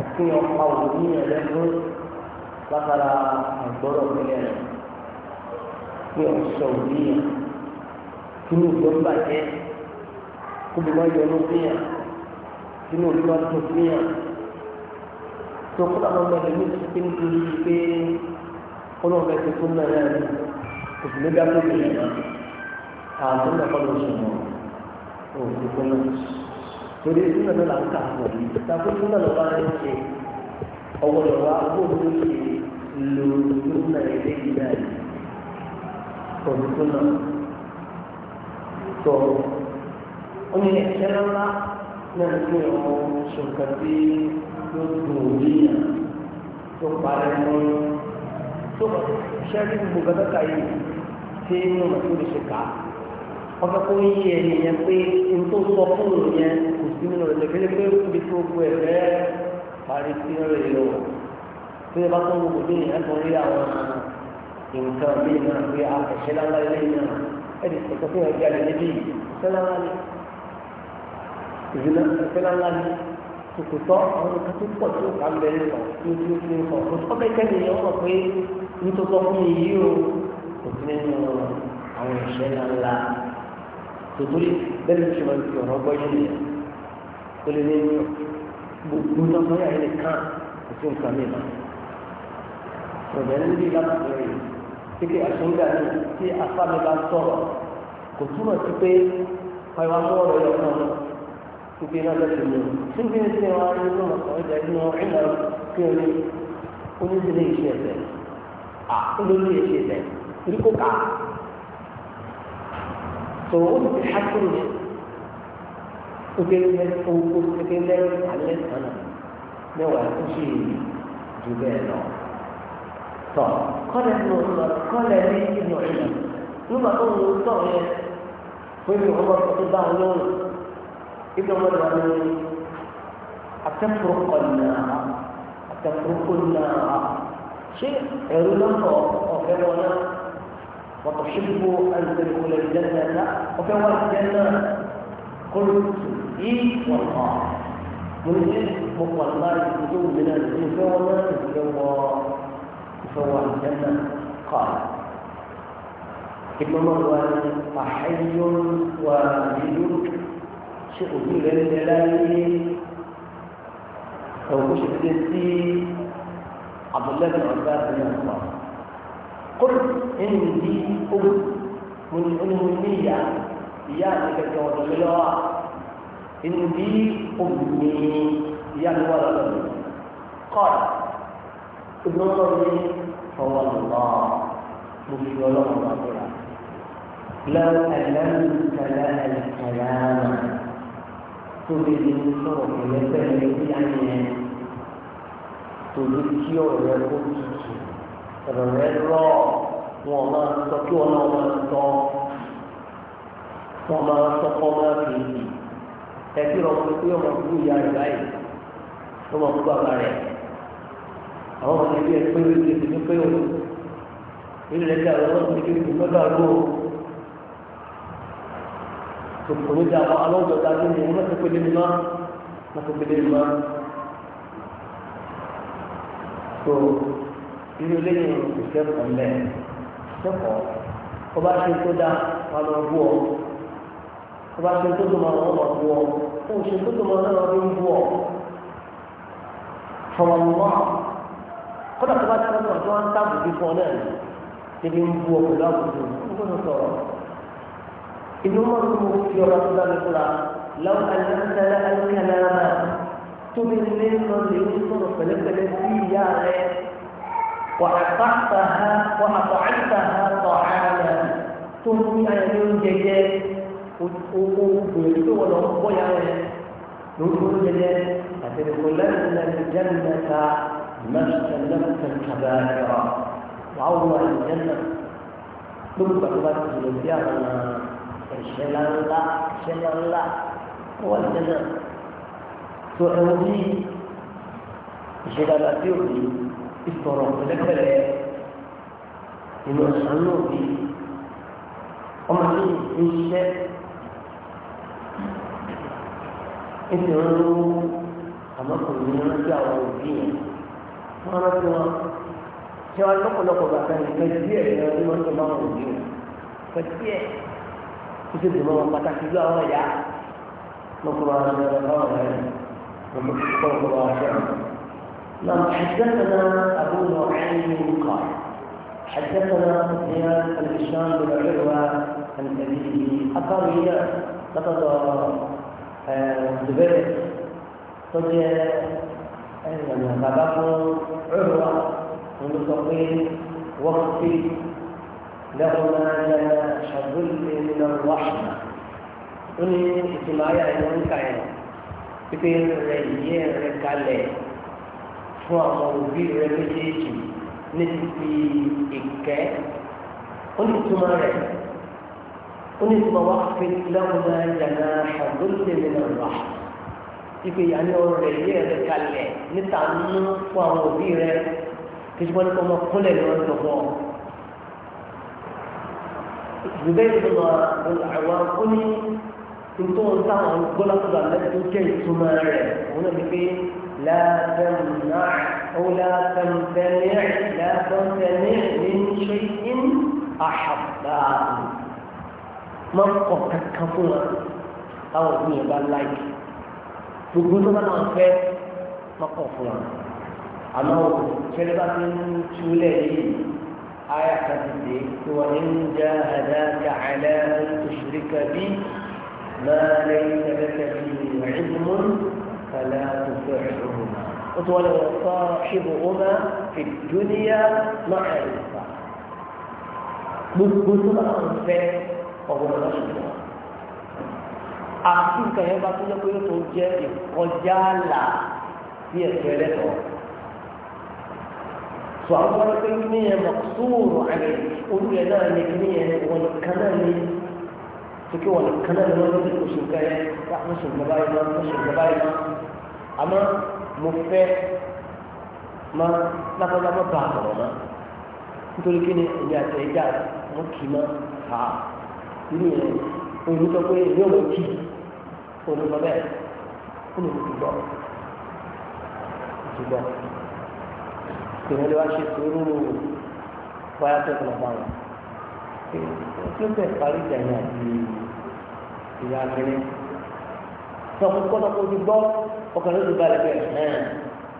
àti ọ̀pá òní ẹ̀lẹ́gbẹ́ látara àgbọ̀rọ̀ nílẹ̀ pé ọ̀ṣọ́ òní yẹn kí ní ìgbọ́ bàjẹ́ kó bí wọ́n yọ ló bí yẹn inú orí máa tó fún yàn tó kó làwọn ọmọ ẹlẹ́mí tó fi ń torí pé ọlọ́run bẹ́ẹ̀ ti fún náà náà ni kò sì ní dá tó fi yàn àwọn ọmọ ẹ̀kọ́ ló ń sùn mọ́ òun ti fún náà torí ìdúnà náà là ń kà fún yìí tàbí ìdúnà ló bá ń ṣe ọwọ́ lọ́wọ́ agbóhùn ló ṣe lo ìdúnà ẹlẹ́yìí náà yìí òun tó náà tó ó ní ẹ̀ṣẹ́ ńlá lẹ́nu pé òun ṣòkan tí yóò dùn òníyàn tó parẹ́ mọ́ tó ṣẹ́rí gbogbo gbàgbọ́ta yìí tí yóò mọ̀ tó lè ṣe kà á ọkọ kó yí ẹni yẹn pé ntó sọ fún òun yẹn kò sí nínú rẹ̀ lẹ́gbẹ́lẹ́ pé ibi tó gbogbo ẹ̀ fẹ́ parí sí rẹ̀ lọ tó yẹ bá tó gbogbo bí ẹ̀ tó rí àwọn nǹkan bí náà pé àkẹ́ṣẹ́ láńlá ilé náà ẹ̀ ìdílé ìpínlẹ̀ ńlá ni tòkòtọ́ àwọn nǹkan tó pọ̀ tó kà ń bẹ nínú ní tí ó fi ń sọ òtítọ́ kẹ́kẹ́ ni wọ́n mọ̀ pé ní tó sọ fún yìí o kò sí nínú àwọn ìṣẹ́ ńláńlá tòtòrí bẹ́ẹ̀ ni ṣùgbọ́n ti ọ̀rọ̀ gbọ́ yìí nìyẹn ó lè ní gbogbo nǹkan yà ní kàn kò sí nǹkan mìíràn ọ̀bẹ ní bí láti rè kíkẹ́ àṣẹ́ńgà ni tí afá mi bá sọ̀rọ̀ kò túmọ̀ sí pé pàrọ̀ àwọn ọ̀rọ̀ yọ̀ kan وبين ذلك اليوم سنجي نسي وعلي ثم قعد انه عمر كيوني ونزل لي شيء ثاني اه قل لي شيء ثاني تركوك عام فوقت الحكم وكيف يكون وكيف يكون عليه انا نوع شيء جباله طب قال ابن عمر قال لي ابن عمر ثم قال له طب وابن عمر قد له ابن عمر قال أتفرق النار أتفرق النار شيء غير يقول وفي وكان وتحب أن تدخل الجنة وكان الجنة قلت إي والله من إيه النار يقول من الإنسان يتسوى يتسوى الجنة قال ابن عمر قال فحي واجد شيخ ابن الجلالي او مش السيسي عبد الله بن عباس بن الله قل عندي ام من النية يعني كتاب الله عندي امي يعني ولد قال ابن قومي هو الله مش ولا الله لو ألمت لها الكلام tóbi ní sọ̀rọ̀ pẹ̀lẹ́ pẹ̀lẹ́ bí a yẹ kí ọ̀rẹ́ kó tutù ọ̀rọ̀ lọ wọn máa sọ kí wọn náà máa sọ wọn máa sọ kọ́ máa fi yìí ẹbí rẹ wọn pé ọmọ kúkú ìyá rẹ báyìí ọmọ kúkú bàbá rẹ àwọn ọmọ ẹbí ẹ pé ó ti ti pé ó ìrẹsì àwọn ọmọ kúkú ìgbìmọ̀ bá rú o kòkòròjà àwọn alọ́gbọ̀ta tó ní wọ́n mẹ́ta pẹ̀lú mímá mẹ́ta pẹ̀lú mímá tó inú lẹ́yìn ìkẹ́kọ̀ọ́ mẹ́ kẹ́kọ̀ọ́ kó bá ṣe tó dá wà lọ bú ọ kó bá ṣe tó tó máa wọ́n wà bú ọ kó ṣe tó tó máa náà wọ́n fi ń bú ọ fọwọ́n mọ́ kódà tó bá ti sọ́kùnrin tó wá ń tábùkù fún ọ náà ṣe fi ń bú ọ pẹ̀lú àbùkù ó ابن عمر في رسول الله لو علمت لها الكلام تبلغ ليسر فلك السيارة وأطعتها وأطعمتها طعاما ثم أيام جيد وقلت ولو قوي نقول جيد فتدخلن الجنة ما استلمت الكبائر وعوض الجنة ثم تقبلت الزيارة ìṣẹ̀lẹ̀ ńlá ìṣẹ̀lẹ̀ ńlá wọ́n ti tẹ́lẹ̀ tó ẹ̀wọ̀n ní ìṣẹ̀lẹ̀ ńlá tí òbí ìsọ̀rọ̀ pẹ̀lẹ́pẹ̀lẹ́ inú ọ̀sán náà bí ọmọ mi ń ṣiṣẹ́ ń ti ń lówó àmọ́ kò ní rántí àwọn òbí yẹn wọ́n rántí wọn ṣé wọn lọ́pọ̀lọpọ̀ bàtà nìkan díẹ̀ ní ọdún wọn tó máa ń wò ó díẹ̀. ó mọ́ wọn pàtàkì lọ àwọn ẹ̀yà lọ́kùnrin àwọn نعم حدثنا أبو نعيم قال حدثنا زياد الهشام بن عروة عن أبيه أقام هي لقد زبير تجي أيضا باباه عروة ومصطفين وقتي لهما جناح الذل من الرحمة أني إجماعي أيضا كائن بين رجيع رجالة fún àwọn òbí rẹ méjèèjì ní ti ìkẹ́ onítùmọ̀ rẹ̀ onítùmọ̀ wá fi lẹ́wọ̀nà ìyànà ṣàgbọ́nlẹ̀ nínú wa ìpè ìyànà ọ̀rẹ́ ilé rẹ̀ kalẹ̀ níta nínú fún àwọn òbí rẹ kí wọ́n ní kọ́ ọmọ kúnlẹ̀ lọ́wọ́ Zubair bin Al-Awwam ó ní tuntun táwọn gbọ́lọ́sọ̀rọ̀ alẹ́ tó jẹ́ ìtumọ̀ rẹ̀ òun náà ni pé láàbẹ̀mùnà ó láàbẹ̀mùtẹ́lẹ̀ láàbẹ̀mùtẹ́lẹ̀ ní ṣe ń àṣàbà máa ń kọ̀ kankan fún wa táwọn òbí yẹn bá láìkì gbogbo tó bá náà fẹ́ máa kọ̀ fún wa àmọ́ òṣèlú ń túlẹ̀ yìí. آية حديثي وإن جاهداك على أن تشرك بي ما ليس لك فيه علم فلا تطعهما ولو صاحبهما في الدنيا معرفة gbogbo àwọn fẹ́ ọgbọ́n náà ṣùgbọ́n àti nǹkan yẹn bá tó yẹ فأول كلمة مقصور عليه قل يا لا نجمية والكمال فكي والكمال ما يدرك شكاية راح مش الجبايل مش أما مفتاح ما ما ما ما بعض ما nítorí kí ni ìyá àti ẹja wọn kì í máa fà á nínú ìyẹn òun sọ pé èmi tòun lè wá ṣe sùúrù báyà tó kọ̀ bá wọn. tó bẹ̀ parí ìjà ní àti ìyá akẹ́lẹ́. sọ fún kọ́tọ́ kó ti gbọ́ ọkàn ló ti balẹ̀ bẹ́ẹ̀ náà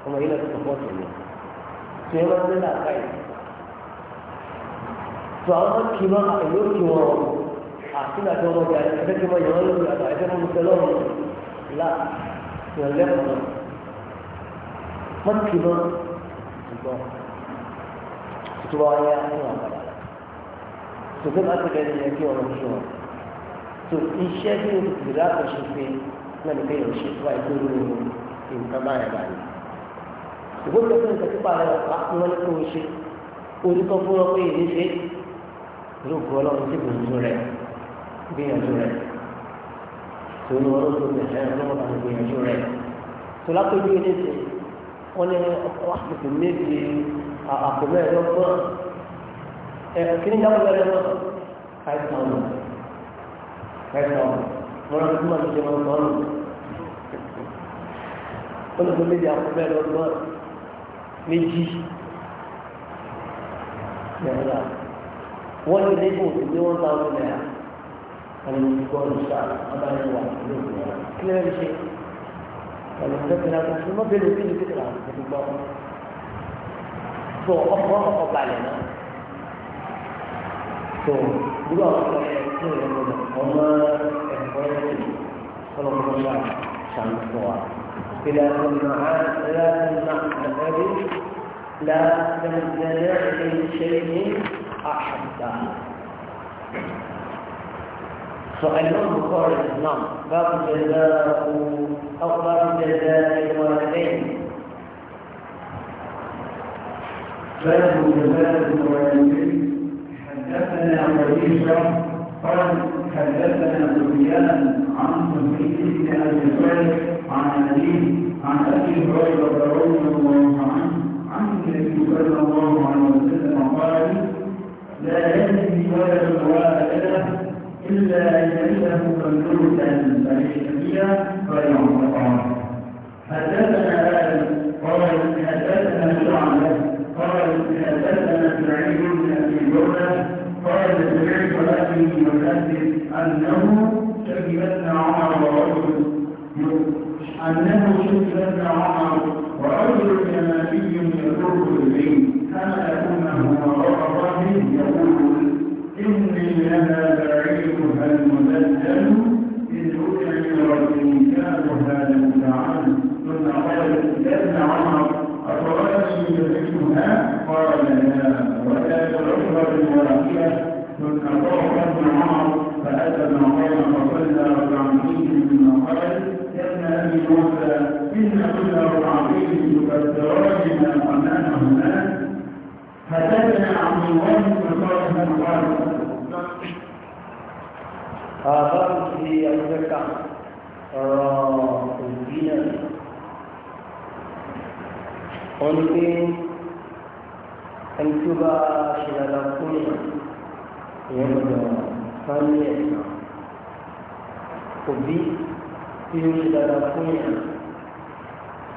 ọmọ yìí lọ sí sọ́kọ́ tẹ̀lé. tó yẹ wọ́n ní làákà yìí. tó àwọn kì máa èyí ó kì wọ́n àtúnà tó wọ́n jà ẹgbẹ́ kí wọ́n yọ ọ́ lórí àgbà ẹgbẹ́ wọn mú tẹ́lọ́ wọn là ìrọ̀lẹ́ kan lọ tuntun bá wáyé ní wọn padà tòkó bá ti bẹ̀rẹ̀ yẹn kí ọ̀rọ̀ fi wọn tó iṣẹ́ tí o ti tìlẹ̀ àkànṣe pé náà nìkan yóò ṣe fún àìkú lórí nǹkan báyìí báyìí ìwé tó fún nǹkan pípa rẹ̀ wá ní wọn ní kí o ṣe orúkọ fún ọ wọ́n ní àpò méje àpò mẹ́ẹ̀ẹ́dọ́gbọ̀n ẹ̀ kíní dáwọ́ lẹ́rẹ́ náà five thousand five thousand wọ́n rántí tí màá ti ṣe wọn sọ ọ́nù wọ́n ní àpò méje àpò mẹ́ẹ̀ẹ́dọ́gbọ̀n méjì yàrá wọ́n ní ilé ìbò ní one thousand naira ẹni gbọ́dọ̀ sáà wọ́n bá yẹ wà lóògùn yàrá kí lè kalau kita kenal semua beli ini kita kenal berubah so apa apa balik nak so dua orang itu yang mana Omar yang boleh ini kalau berusaha sangat kuat tidak menahan tidak menahan dari لا تمتنع من شيء أحدا فالنوم بقول الإسلام باب الجزاء أو باب الجزاء الوالدين باب الجزاء الوالدين حدثنا وليشة قال حدثنا سفيان عن سفيان بن أبي سعيد عن ابي عن أبي هريرة رضي الله عنه عن النبي صلى الله عليه وسلم قال لا يزني ولا إلا أن يجده مملوكا فليس فيها غير مطعم حدثنا آدم قال حدثنا شعبة قال حدثنا سعيد بن أبي بردة قال سمعت أبي يحدث أنه شكبتنا عمر ورجل أنه شكبتنا عمر ورجل يماني يدور البيت كما يكون هو رجل يقول إني لها بعيرها المبدل إذ أدعي ربي كابها لم تعد ثم قال ابن عمر أفرأت يدعيها قال لا ولا تركها بالورقية ثم طرق ابن عمر فأتى ابن عمر فصلى ركعتين ثم قال يا ابن أبي Àbáwò ti Abúgbẹ́ta ọ̀rọ̀ òbí náà. Wọ́n ní pé ẹni tí ó bá ṣe dada fún ìyàn, ìyẹn gbọ́dọ̀ máa ní ẹ̀sán. Òbí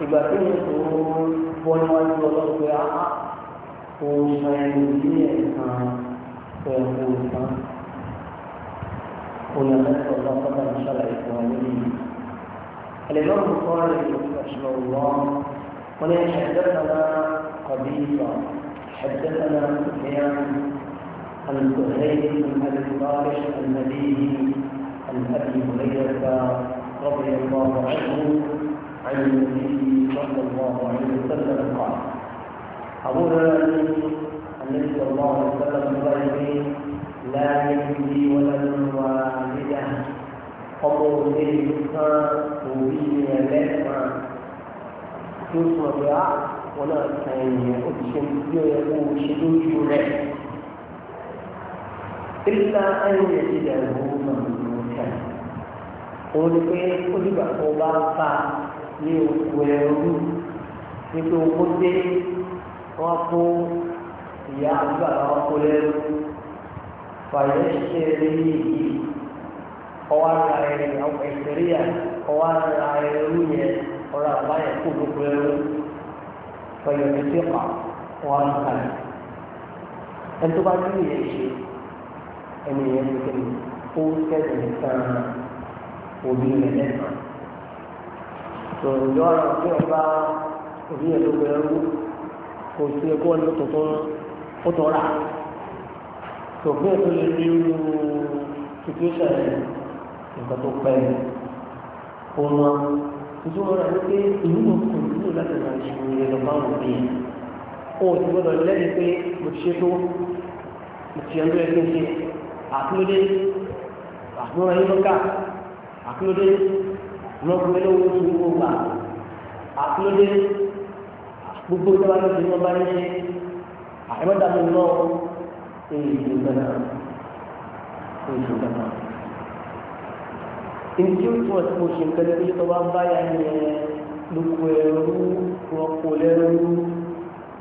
ìgbà tí ó ń bọ́ níwájú ọlọ́pẹ́ áá. kó sọ ẹni sí ẹ̀sán ẹ̀kọ́ ìtàn olùdásọ̀ lọ́kọ́tà ìṣàlàyé fún wa lórí yìí. الإمام البخاري رحمه الله قال حدثنا قبيصة حدثنا سفيان عن سهيل بن أبي صالح النبي عن أبي هريرة رضي الله عنه عن النبي صلى الله عليه وسلم قال أبو ذر النبي الله عليه وسلم لا يجدي ولا والدة ọmọ òde kan òbí yẹn lẹ́sàn-án tó sọ pé á wọn náà ta ẹ̀yìn ó ti ṣe bí ó dìgbà tó bá ń fà ní oko ẹrú ní pé dé wọ́n kó ìyá àdúgbà wọn kó lẹ́rú fàyẹ̀ ṣe rí yìí ọwọ́ ara ẹni àwọn ẹ̀sẹ̀ríyà ọwọ́ ara ẹrú yẹn ọ̀rọ̀ àbáyẹ̀ kó gbogbo lẹ́rú fàyẹ̀ ṣe pa wọn kàlẹ̀ ẹni tó bá dúró yẹn ṣe ẹni yẹn ti kéde ó tẹ̀sẹ̀ nìkan òbí rẹ̀ lẹ́sàn tòun yọ ọ̀rọ̀ tí ọba òbí rẹ̀ ló gbẹ̀rú kò sí ẹkọ ní tuntun ó tọ́ tó bí ètò lè ní irú situation nǹkan tó pẹ́ òun wa tuntun rẹ̀ ní pé ìlú náà kò nílò láti máa ṣe òye lọ bá wọn bí o ti gbọdọ̀ lẹ́yìn pé mo ṣe tó ìtìyẹn lóye kí n ṣe àkúlódé àkúlódé yín lọ́kà àkúlódé lọ́kùnrin lówó tó ń àkúlódé gbogbo ìjọba ló ti ní ọba ní ṣe àìmọ́dàmú náà èyí ìlú gbẹ̀nà èyí ìlú gbẹ̀nà. Ìdí tí ó túmọ̀ sí mo ṣe ń kẹ́lẹ́ bí ọba ń bá yà ní ẹ lóko ẹrú ọkọ̀ lẹ́rú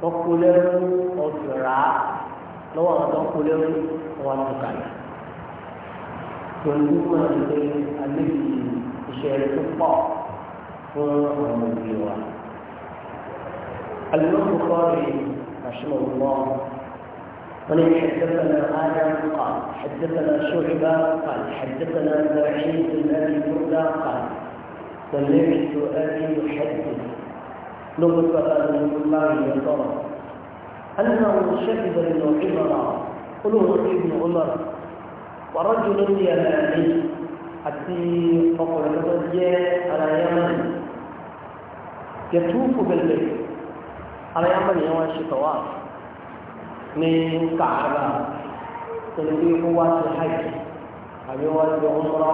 ọkọ̀ lẹ́rú ọ̀sọ̀rá lọ́wọ́ àwọn tó ń lẹ́rú wọn tó Pẹ̀lú máa ń ṣe àlejò iṣẹ́ tó pọ̀ fún àwọn òbí الإمام البخاري رحمه الله من حدثنا آدم قال حدثنا شعبة قال حدثنا زرعين بن أبي بردة قال سمعت أبي يحدث لغة من الله يطرى أنه شهد ابن عمر قلوه ابن عمر ورجل يماني حتى فقل على يمن يطوف بالبيت àwọn yàrá nìyẹn wọ́n ṣe tọ̀wá ní kàába tẹ̀lé pé kó wá sí hajj àbí wọ́n ti ọmọrọ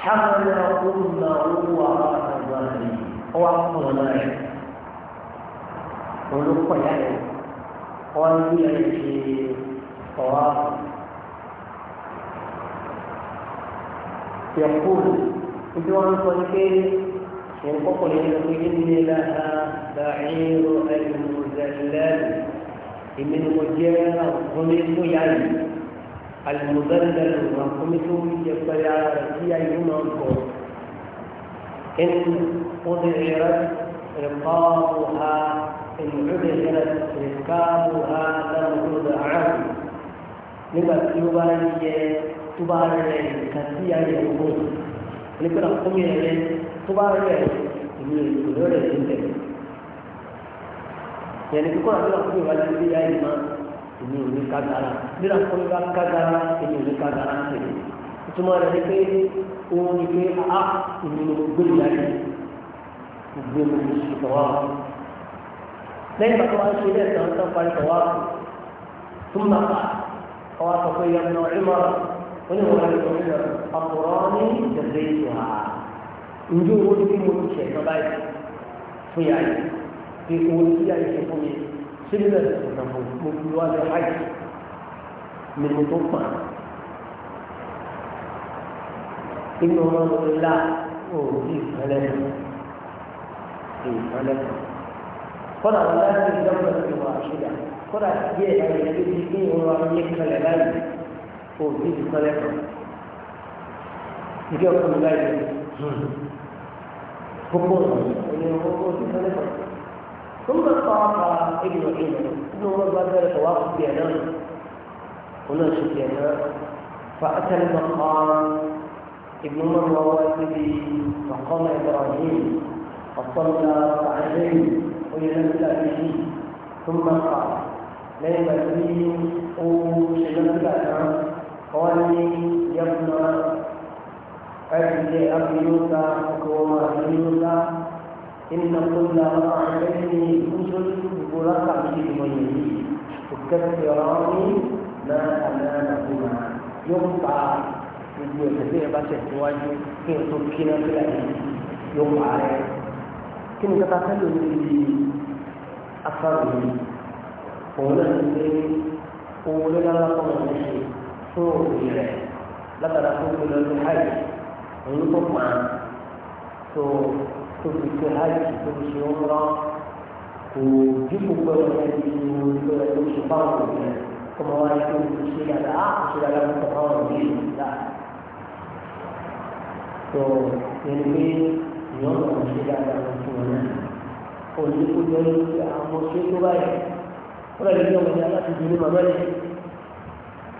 hàmàlẹ́ ọ̀hún náà owó àwọn àgbà rẹ̀ ọwọ́ àkùnrin náà rẹ̀ olùkọ́ yá rẹ̀ wọ́n ń gbé ẹ̀ ṣe tọ̀wá. يقول إذ وأنت ينقص لأنه إني لها بعير المذلل من مجال الظلم يعني المذلل وقمت في أي يمنصر إن أضعرت رقابها إن عذرت رقابها لم تدع لما تبارك تبارك كثيرا يقول لكن أقوم tó bá rí ẹ̀ ìlú ìlú rẹ̀ ti ń tẹ̀lé yẹnni kíkọ́ àti ìlànà fún ìwádìí bí yá ìmọ̀ ìlú ìlú kágara bí ìlànà fún ìwá kágara ìlú ìlú kágara ń tẹ̀lé ìtumọ̀ rẹ̀ ni pé òun ni pé a ìlú ìlú gbèrú láyé gbèrú ìṣùtọ̀wá lẹ́yìn bàtà wọn ṣe ilé ẹ̀sán tó ń parí tọ̀wá tó ń bàtà ọwọ́ àtọ̀kọ́ ìyá ọmọ ìmọ̀ oníwọ̀n ìmọ̀ ìmọ̀ àkùrọ̀ ní ìdẹ̀lẹ́ ìtura njẹ́ owó ní kí mo ti ṣe ẹ̀tọ́ báyìí fún yàrá yìí pé owó ní yàrá yìí fún mi sílẹ̀ ọ̀nà mo fi wá lọ hajj ni mo tó pa inú wọn ló ń la òbí ìfẹ́lẹ́ ìfẹ́lẹ́ kọ́dà wọn láti ṣe ìjọba ìlú wa àṣìlá kọ́dà díẹ̀ láyé ẹgbẹ́ bíi kí ìwọ́n wa yé kalẹ̀ báyìí òbí ìfẹ́lẹ́ kan ìdí ọkùnrin báyìí. حكومة ثم طاف ابن عمر ابن عمر بعد ذلك في بينام هنا شفينا فأتى المقام ابن عمر ووالده مقام إبراهيم فصلى ركعتين وينزل به ثم قال لا يبكي أو شجرة قال يا ابن أبي أبي موسى وما أبي موسى إن كل ما أعلمني كسل بركة بشيء تكفراني ما أمامهما يقطع gbogbo ẹ̀sẹ̀ yẹn bá tẹ̀sí wájú kí n tó kí náà sílẹ̀ yìí yóò wà rẹ̀. kí ni kata fẹ́ lò ní ibi afárò yìí òun náà ti òun tó pa tó tó fi ṣe hajj tó fi ṣe ọmọ kò dínkù pẹ̀lú ẹni tó ṣe ẹni tó ṣe báwọn òbí kó máa wáyé tó fi ṣe yàrá àkóso yàrá tó kọ́ báwọn òbí yìí dá. tó yẹn pé ìyọ́n náà ṣe dáadáa lọ fún wọn náà òní kò jẹ́ ìṣe àwọn ṣe tó báyìí wọ́n lè ní ọmọdé aláṣẹ́jú ní màmá yìí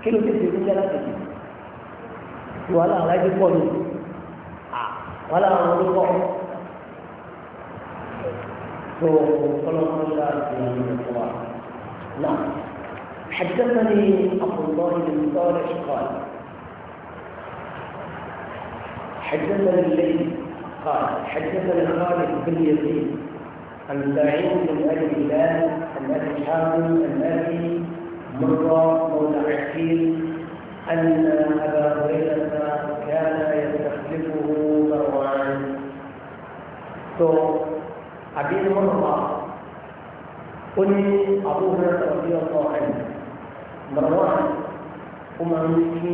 kí ló ti ṣe fún yàrá tètè wàhálà aláìsí pọ̀ nìyí. ولا láwọn olùkọ́ tó kọ́lọ́kọ́ láti ọ̀nà ìfọwà náà حدثني ابو الله بن صالح قال حدثني الليل قال حدثني خالد بن يزيد عن سعيد بن ابي هلال عن ابي حامد عن ابي مره مولى عكيل ان ابا هريره كان tó àbí mọ́nà wa ó ní àbúrò ọ̀dí ọkọ ẹ̀ mọ̀nàmọ́nà ó máa ń fi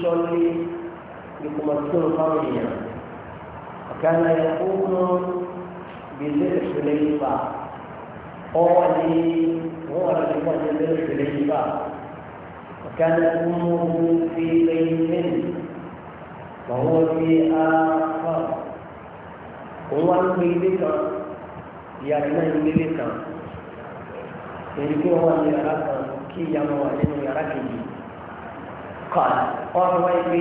sọ́lé ìkọmọ̀tún fáwọn èèyàn ọ̀kan náà ó mú bèlè ìṣẹ̀lẹ̀ yìí bá ọwọ́ ni wọ́n wà lórí wọn ní bèlè ìṣẹ̀lẹ̀ yìí bá náà ó mú fi lẹ́yìn mẹ́rin wọ́n wọ́n fi á fáwọn òun wá ń pe ilé kan ìyá rẹ̀ náà ń gbé ilé kan èyí kí wọ́n wà ní yàrá kan kí ìyá wọn wà nínú yàrá kejì kan wọ́n wá pé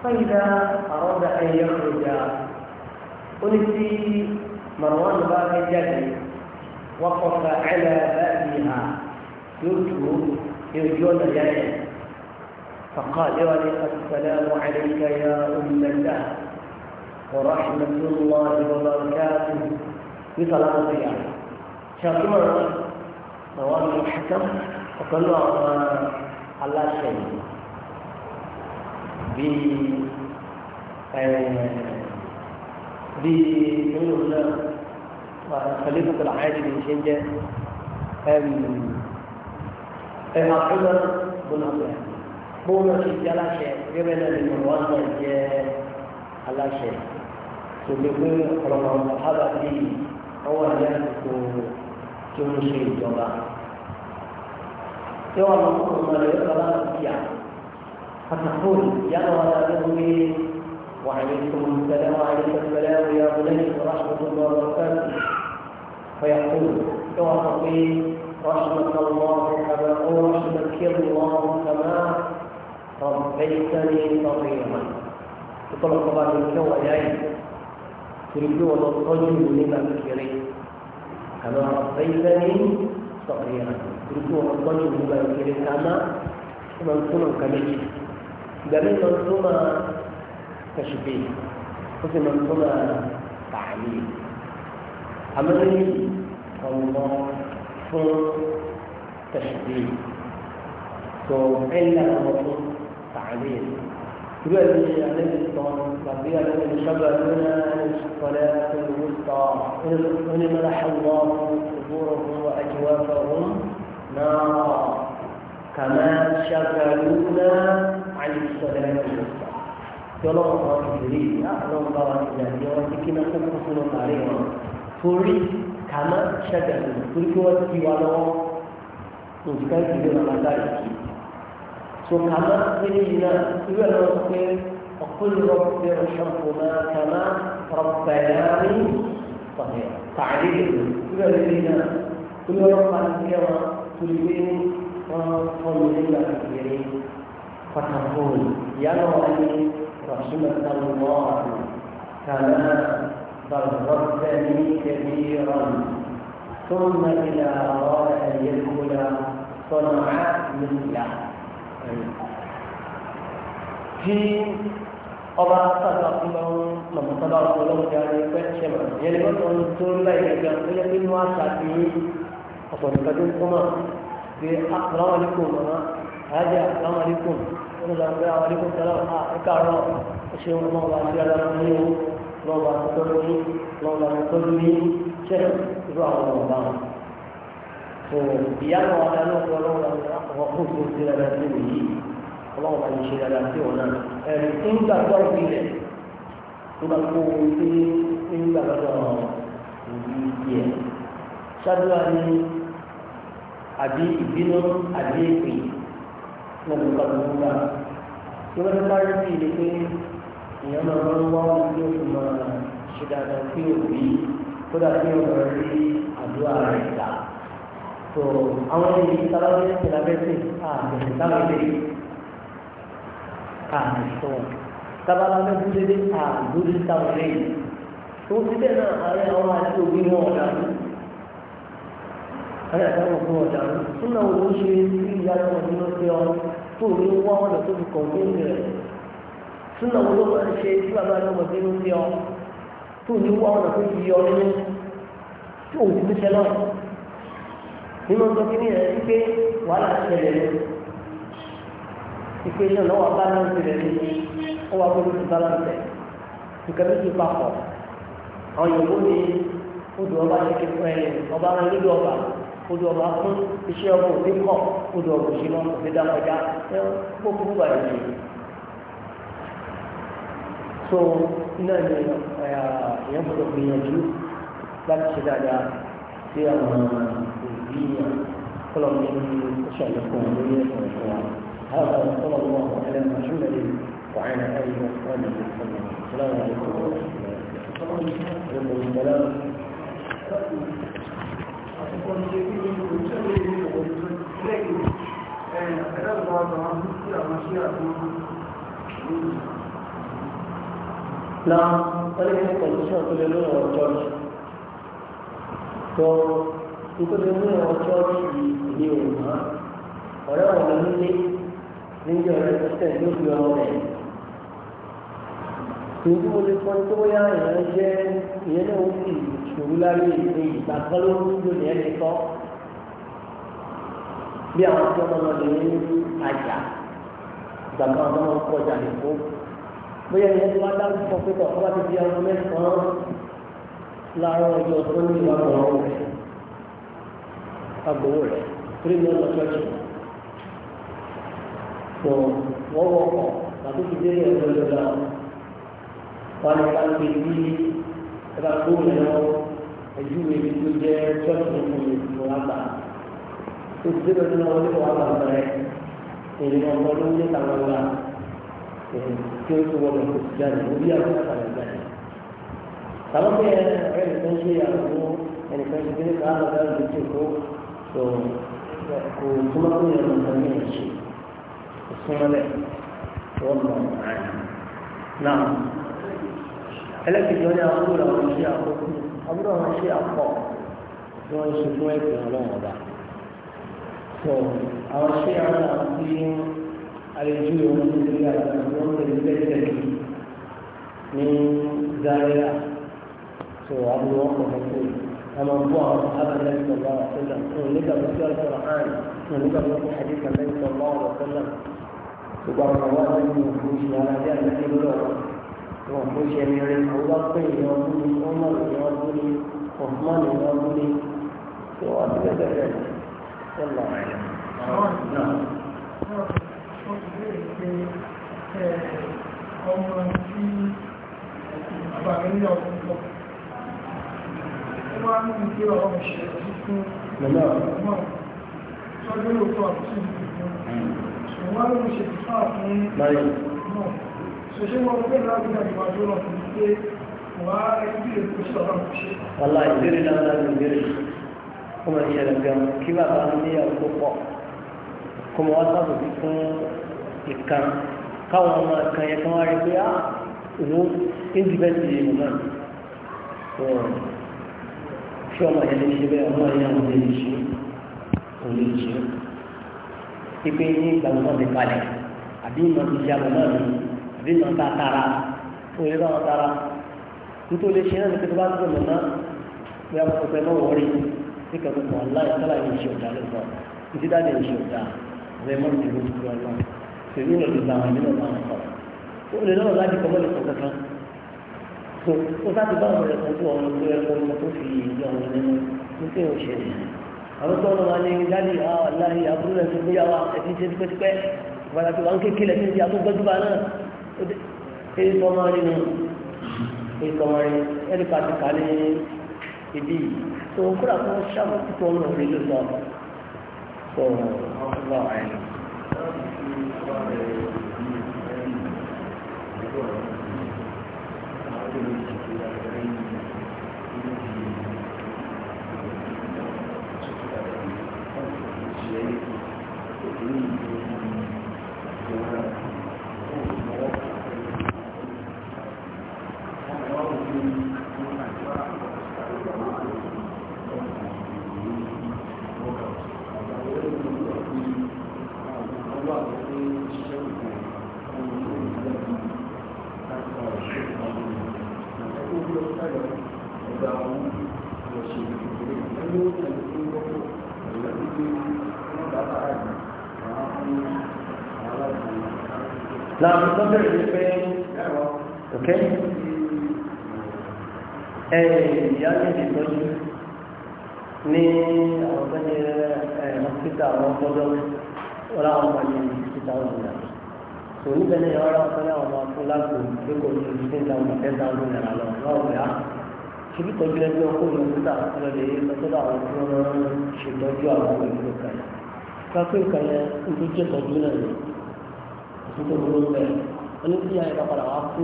fáyidá àrọ́dà ẹ̀yẹ ọ̀dà ó ní tí Marwan bá fẹ́ jáde wọ́n kọ́ fa ẹ̀lẹ́ báyìí hà yóò dúró ní ojú ọ̀nà yáyẹ. فقال يا عليك السلام عليك يا أم الله ورحمة الله وبركاته في صلاة القيامة شاكما نوام الحكم وكل على شيء ب ب خليفة العادي بن شنجة أم أم عمر بن عبد الله بونا في جلاشة قبل الموازنة جلاشة tòlè pé ọ̀rọ̀ ọ̀hábà bí ọwọ́ ẹ̀yà kò tí ó ń ṣe ìjọba. Tí wọ́n lọ fún ọmọ rẹ̀ yóò lọ́la وعليكم السلام وعليكم السلام يا بني ورحمة الله وبركاته فيقول توافقي رحمة الله كما رحمك الله كما ربيتني صغيرا يقول بعض الكوى يعيش torí pé wọn lọ tọ́jú mi nígbà kékeré kàmá ọ̀sẹ̀yìnlẹ́ ní sọ̀rọ̀ yẹn torí pé wọn lọ tọ́jú mi nígbà kékeré kàmá ó máa ń túmọ̀ nǹkan méjì ìgbà mi máa ń túmọ̀ kẹsùpé ó sì máa ń يقول لي عليه الصلاة والسلام من شبع منا الصلاة الوسطى إن ملح الله قبورهم وأجوافهم نارا كما شغلونا عن الصلاة الوسطى يقول الله جبريل أعلم الله يوم تكون عليهم torí kàmá ṣẹ̀dá torí kí wọ́n ti wá lọ́wọ́ nǹkan ìdílé ọ̀la láì سبحانه سيدنا يلوك وقل رب ارحمهما كما ربياني صغيرا تعليل يلوك كل رب الكرة تلبين وصل لنا كثيرين فتقول يا ربي رحمك الله كما بغضتني كبيرا ثم إلى رائع يدخل صنعاء الله tí ọba sábà fún bá ń mọ̀mọ́ sábà fún ọlọ́run jẹ́ àrẹ pẹ́ ṣe mà yẹn ni wọ́n tún tó ń láyé gẹ́gẹ́ tó yẹ pé wọ́n á ṣàfi ọ̀pọ̀ nìkan tó ń kọ́ mà pé ah, assalamu alaikum màmá àyájẹ́ assalamu alaikum wọ́n lọ pé àwọn ah, alaikum sálọ̀ à ah, ẹ káàárọ̀ ó ṣe wọn ọba àti ara wọn ní o lọ́ba àti tọ́jú ní lọ́ba àti tọ́jú ní ṣẹ́ irú àwọn ọ̀gá wọn tó ìyá náà wọn lọ sọ lọ́wọ́ wọn kó tó ti dáadáa sí òun yìí ọlọ́wọ́ máa ń ṣe dáadáa sí òun náà ẹ̀rí tó ń gbàgbọ́ òbí rẹ̀ tó bá kó ohun tí ń gbàgbọ́ òbí yẹ ṣáàdúrà ní àbí rí sí tí ó rí àdúrà rẹ̀ dáa tó àwọn èyí sáláwó ní tẹlifíṣì àmì sáwọn ilé àmì tó sábàlá mẹ́bí lédè àdúró sáwọn ilé tó ti bẹ́ẹ̀ náà àárẹ̀ àwọn àti òbí wọn ọ̀dà àárẹ̀ àti àwọn òbí wọn ọ̀dà súnà wo ló ṣe sí ìyá lọ́wọ́ tí ló ṣe ọ tó ní wá ọ̀nà tó fi kọ̀ ní súnà wo ló máa ń ṣe sí bàbá lọ́wọ́ tí ló ṣe ọ tó ní wá ọ̀nà fi yọ ọ nínú tó òun ti ṣe lọ́wọ́ nínú tó kí ni ẹ̀ wípé wàhálà ṣẹlẹ̀ ní ìpè náà lọ́wọ́ balance rẹ̀ ní ó wà gbọ́dọ̀ ti balance nǹkan méjì papọ̀ àwọn yòówó ni odò ọba ṣe kí ẹ ọba ara nílò ọba odò ọba fún iṣẹ́ ọmọ òbí kọ̀ odò ọba òṣì lọ òfin dá kọjá ẹ kó kúkú wà lóye so náà ni ìyẹn gbọ́dọ̀ gbìyànjú láti ṣe dáadáa sí àwọn ọmọ náà. السلفية طلب مني شأنكم ونيتكم هذا صلى الله على محمد وعلى آله وصحبه وسلم السلام عليكم ورحمة الله نعم طريقة الشرط للغة والجرس ikú mi mú ọjọ́ sí ilé òmà ọ̀rẹ́ wọn nílé níbi ọ̀rẹ́ sísẹ̀ ló fi ọmọ rẹ̀. Tòjú mo lè kọ́ tó yá ìyẹn jẹ́ ìyẹn náà ó sì ṣòro láyé ìwé ìgbà kan ló ń lò ní ẹni kọ́. Bí àwọn tí ọmọ náà lè ní àjà ìgbà kan ọmọ náà kọjá lè kó. Bóyá ìyẹn tó wá dáhùn sọ pé kọ̀ọ̀kan bá ti di ọmọ mẹ́sàn-án láàárọ̀ ọjọ́ tó ní ìwà ọ̀rọ̀ rẹ̀ agbowó rẹ̀ three million twenty so wọ́n wọ́pọ̀ tàbí ti dé ẹ̀rọ lọ́dọ̀ wọn ni ká ti di ẹ̀ka tó yẹn lọ ẹ̀jú ebi tó jẹ́ twenty million ìfowópamọ́ àgbà tó ti dé ẹ̀rọ lọ́dọ̀ wọn ní ìfowópamọ́ àgbà rẹ̀ èyí ni ọmọ ló ń yẹ kàwọn wà tí ó tó wọlé kò sí jáde orí àwọn àgbàlẹ̀ jáde. Tàbí ọ̀pẹ ẹ̀rẹ́ nìkan ṣe àwọn ẹnìkan ṣe kí ní ká lọ́dọ̀ ẹ̀rọ tó kò súnmọ́ fún yẹn lọ́sọ̀ ní ìṣe kò súnmọ́ lẹ̀ tó lọ náà ẹlẹ́kìtì ọjà àbúrò àwọn iṣẹ́ àkókò àbúrò àwọn iṣẹ́ àpọ̀ tí wọ́n ṣe fún ẹ̀sìn ọlọ́run ọba tó àwọn iṣẹ́ àwọn àti àlejò ìwọ̀n tó ti rí àti àwọn ọmọ ìgbésẹ̀ ní Zaria tó àbúrò ọkọ̀ ọkọ̀ yìí. كما الله هذا النبي صلى الله عليه وسلم ونلقى بسير القرآن ونلقى بسير حديث النبي صلى الله عليه وسلم وقال الله أنه مفروش على ذلك النبي بلوغ ومفروش يميرين الله طيب يوضوني عمر يوضوني عثمان يوضوني يوضوني ذلك والله أعلم نعم ọmọ tí àbàmì ní ọdún lọ Hmm. Wàlá ìbéèrè náà láti ìbéèrè kó máa ṣẹlẹ̀ gan kí bàbá ní àwùjọ pọ̀ kó máa wá sábòbí fún ìkan káwọn ọmọ ìkan yẹn kan wá rí pé ah òun ń dìbẹ́ sí ìmọ̀ náà kí ọmọ yẹn lè ṣe bẹ́ẹ̀ ọmọ yẹn lè ṣe kò lè ṣe pípé ní ìgbàgbọ́ mi kalẹ̀ àbí ìmọ̀ ti ṣe àbọ̀ náà mi àbí ìmọ̀ ta tara tó lè bá wọn tara nítorí lè ṣe náà ní pé tó bá tó lọ náà bí wọn kò fẹ́ náà wọ́n rí ní kẹ́kọ̀ọ́ kan láì sálà yìí ṣe ọ̀dà ló sọ títí dáadé ṣe ọ̀dà ọ̀rẹ́ mọ́tò ló ti kú ọlọ́run tèmi lọ́dún làwọn ìdílé tó tó sáà ti bá ọ̀rọ̀ rẹ̀ kó ọ̀rọ̀ tó yẹ kó ọmọ tó fi ìdí ọ̀rọ̀ nínú ní pé òṣè rẹ̀ àwọn tó wọn ní jáde aláì abúlé tó gbé yàwá ẹtí ṣe tipẹ́tipẹ́ ìgbàlá tó wọn kékeré tí ń di àtúgbọ́ jùlọ náà èyí tó máa rí nu èyí tó máa rí ẹni pàtó kà ní ibi tó kúrò àpò sábà tó tó ń lò rí ló sọ ọ bẹ̀rẹ̀ ní pé ok ẹ̀yìn ìyá ní ìtọ́jú ní àwọn tó ní ọ̀sítà àwọn ọgbọ́dọ́ ọ̀rá àwọn ọmọ ní ọ̀sítà ọ̀gbìnà tò níbẹ̀ ní ọ̀rá ọ̀sán ní àwọn ọmọ lágbo pé kò ní ìdílé ìta ọmọ ìtẹ́ta ọdún náírà lọ lọ́wọ́ ìyá ah, ṣíbí tọ́jú lẹ́gbẹ́ ọkọ̀ ní ọ̀sítà ọlọ́dẹ̀ yìí lọ́sọ́dọ̀ àwọn tí wọ́n ṣètọ́jú àwọn ọmọ ìlú kan yẹn kápẹ́ ìkànnì ń tó jẹ́ tọ́jú náà ní ọ̀sítà ọdún náírà ẹni tí yàrá ìbápadà wà kú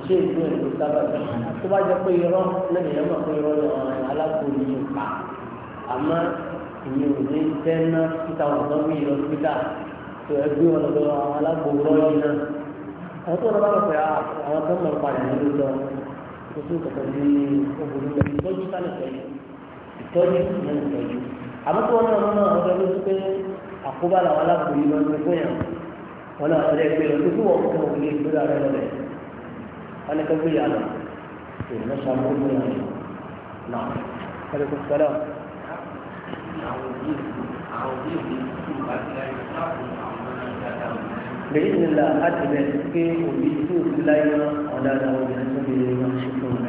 ìṣe ìlú ẹ̀ ló sábà bẹ̀ tó bá jẹ́ pé irọ́ lẹ́nu ìyá máa pé irọ́ ni ọ̀ràn alákòóló yìí pa àmọ́ ìyẹn ò ní fẹ́ ná títà ọ̀dọ́ mi lọ síta tó ẹgbẹ́ wọn lọ́dọ̀ àwọn alákòóló yìí náà àwọn tó ń bá lọ pé ah, àwọn tó ń lọ padà ní ló lọ kó tó kọ̀kọ́ ní obìnrin ìtọ́jú sálẹ̀ pẹ̀lú ìtọ́jú wọn náà ọdẹ gbé lọ dúdú wọn kọ òye ìgbéra rẹ lọ rẹ wọn kọ gbé yàrá tó lọ sọ àwọn ọmọ yàrá náà wọn kọ sọlá. بإذن الله أتبع في وبيتو في لاينا ولا نوجه في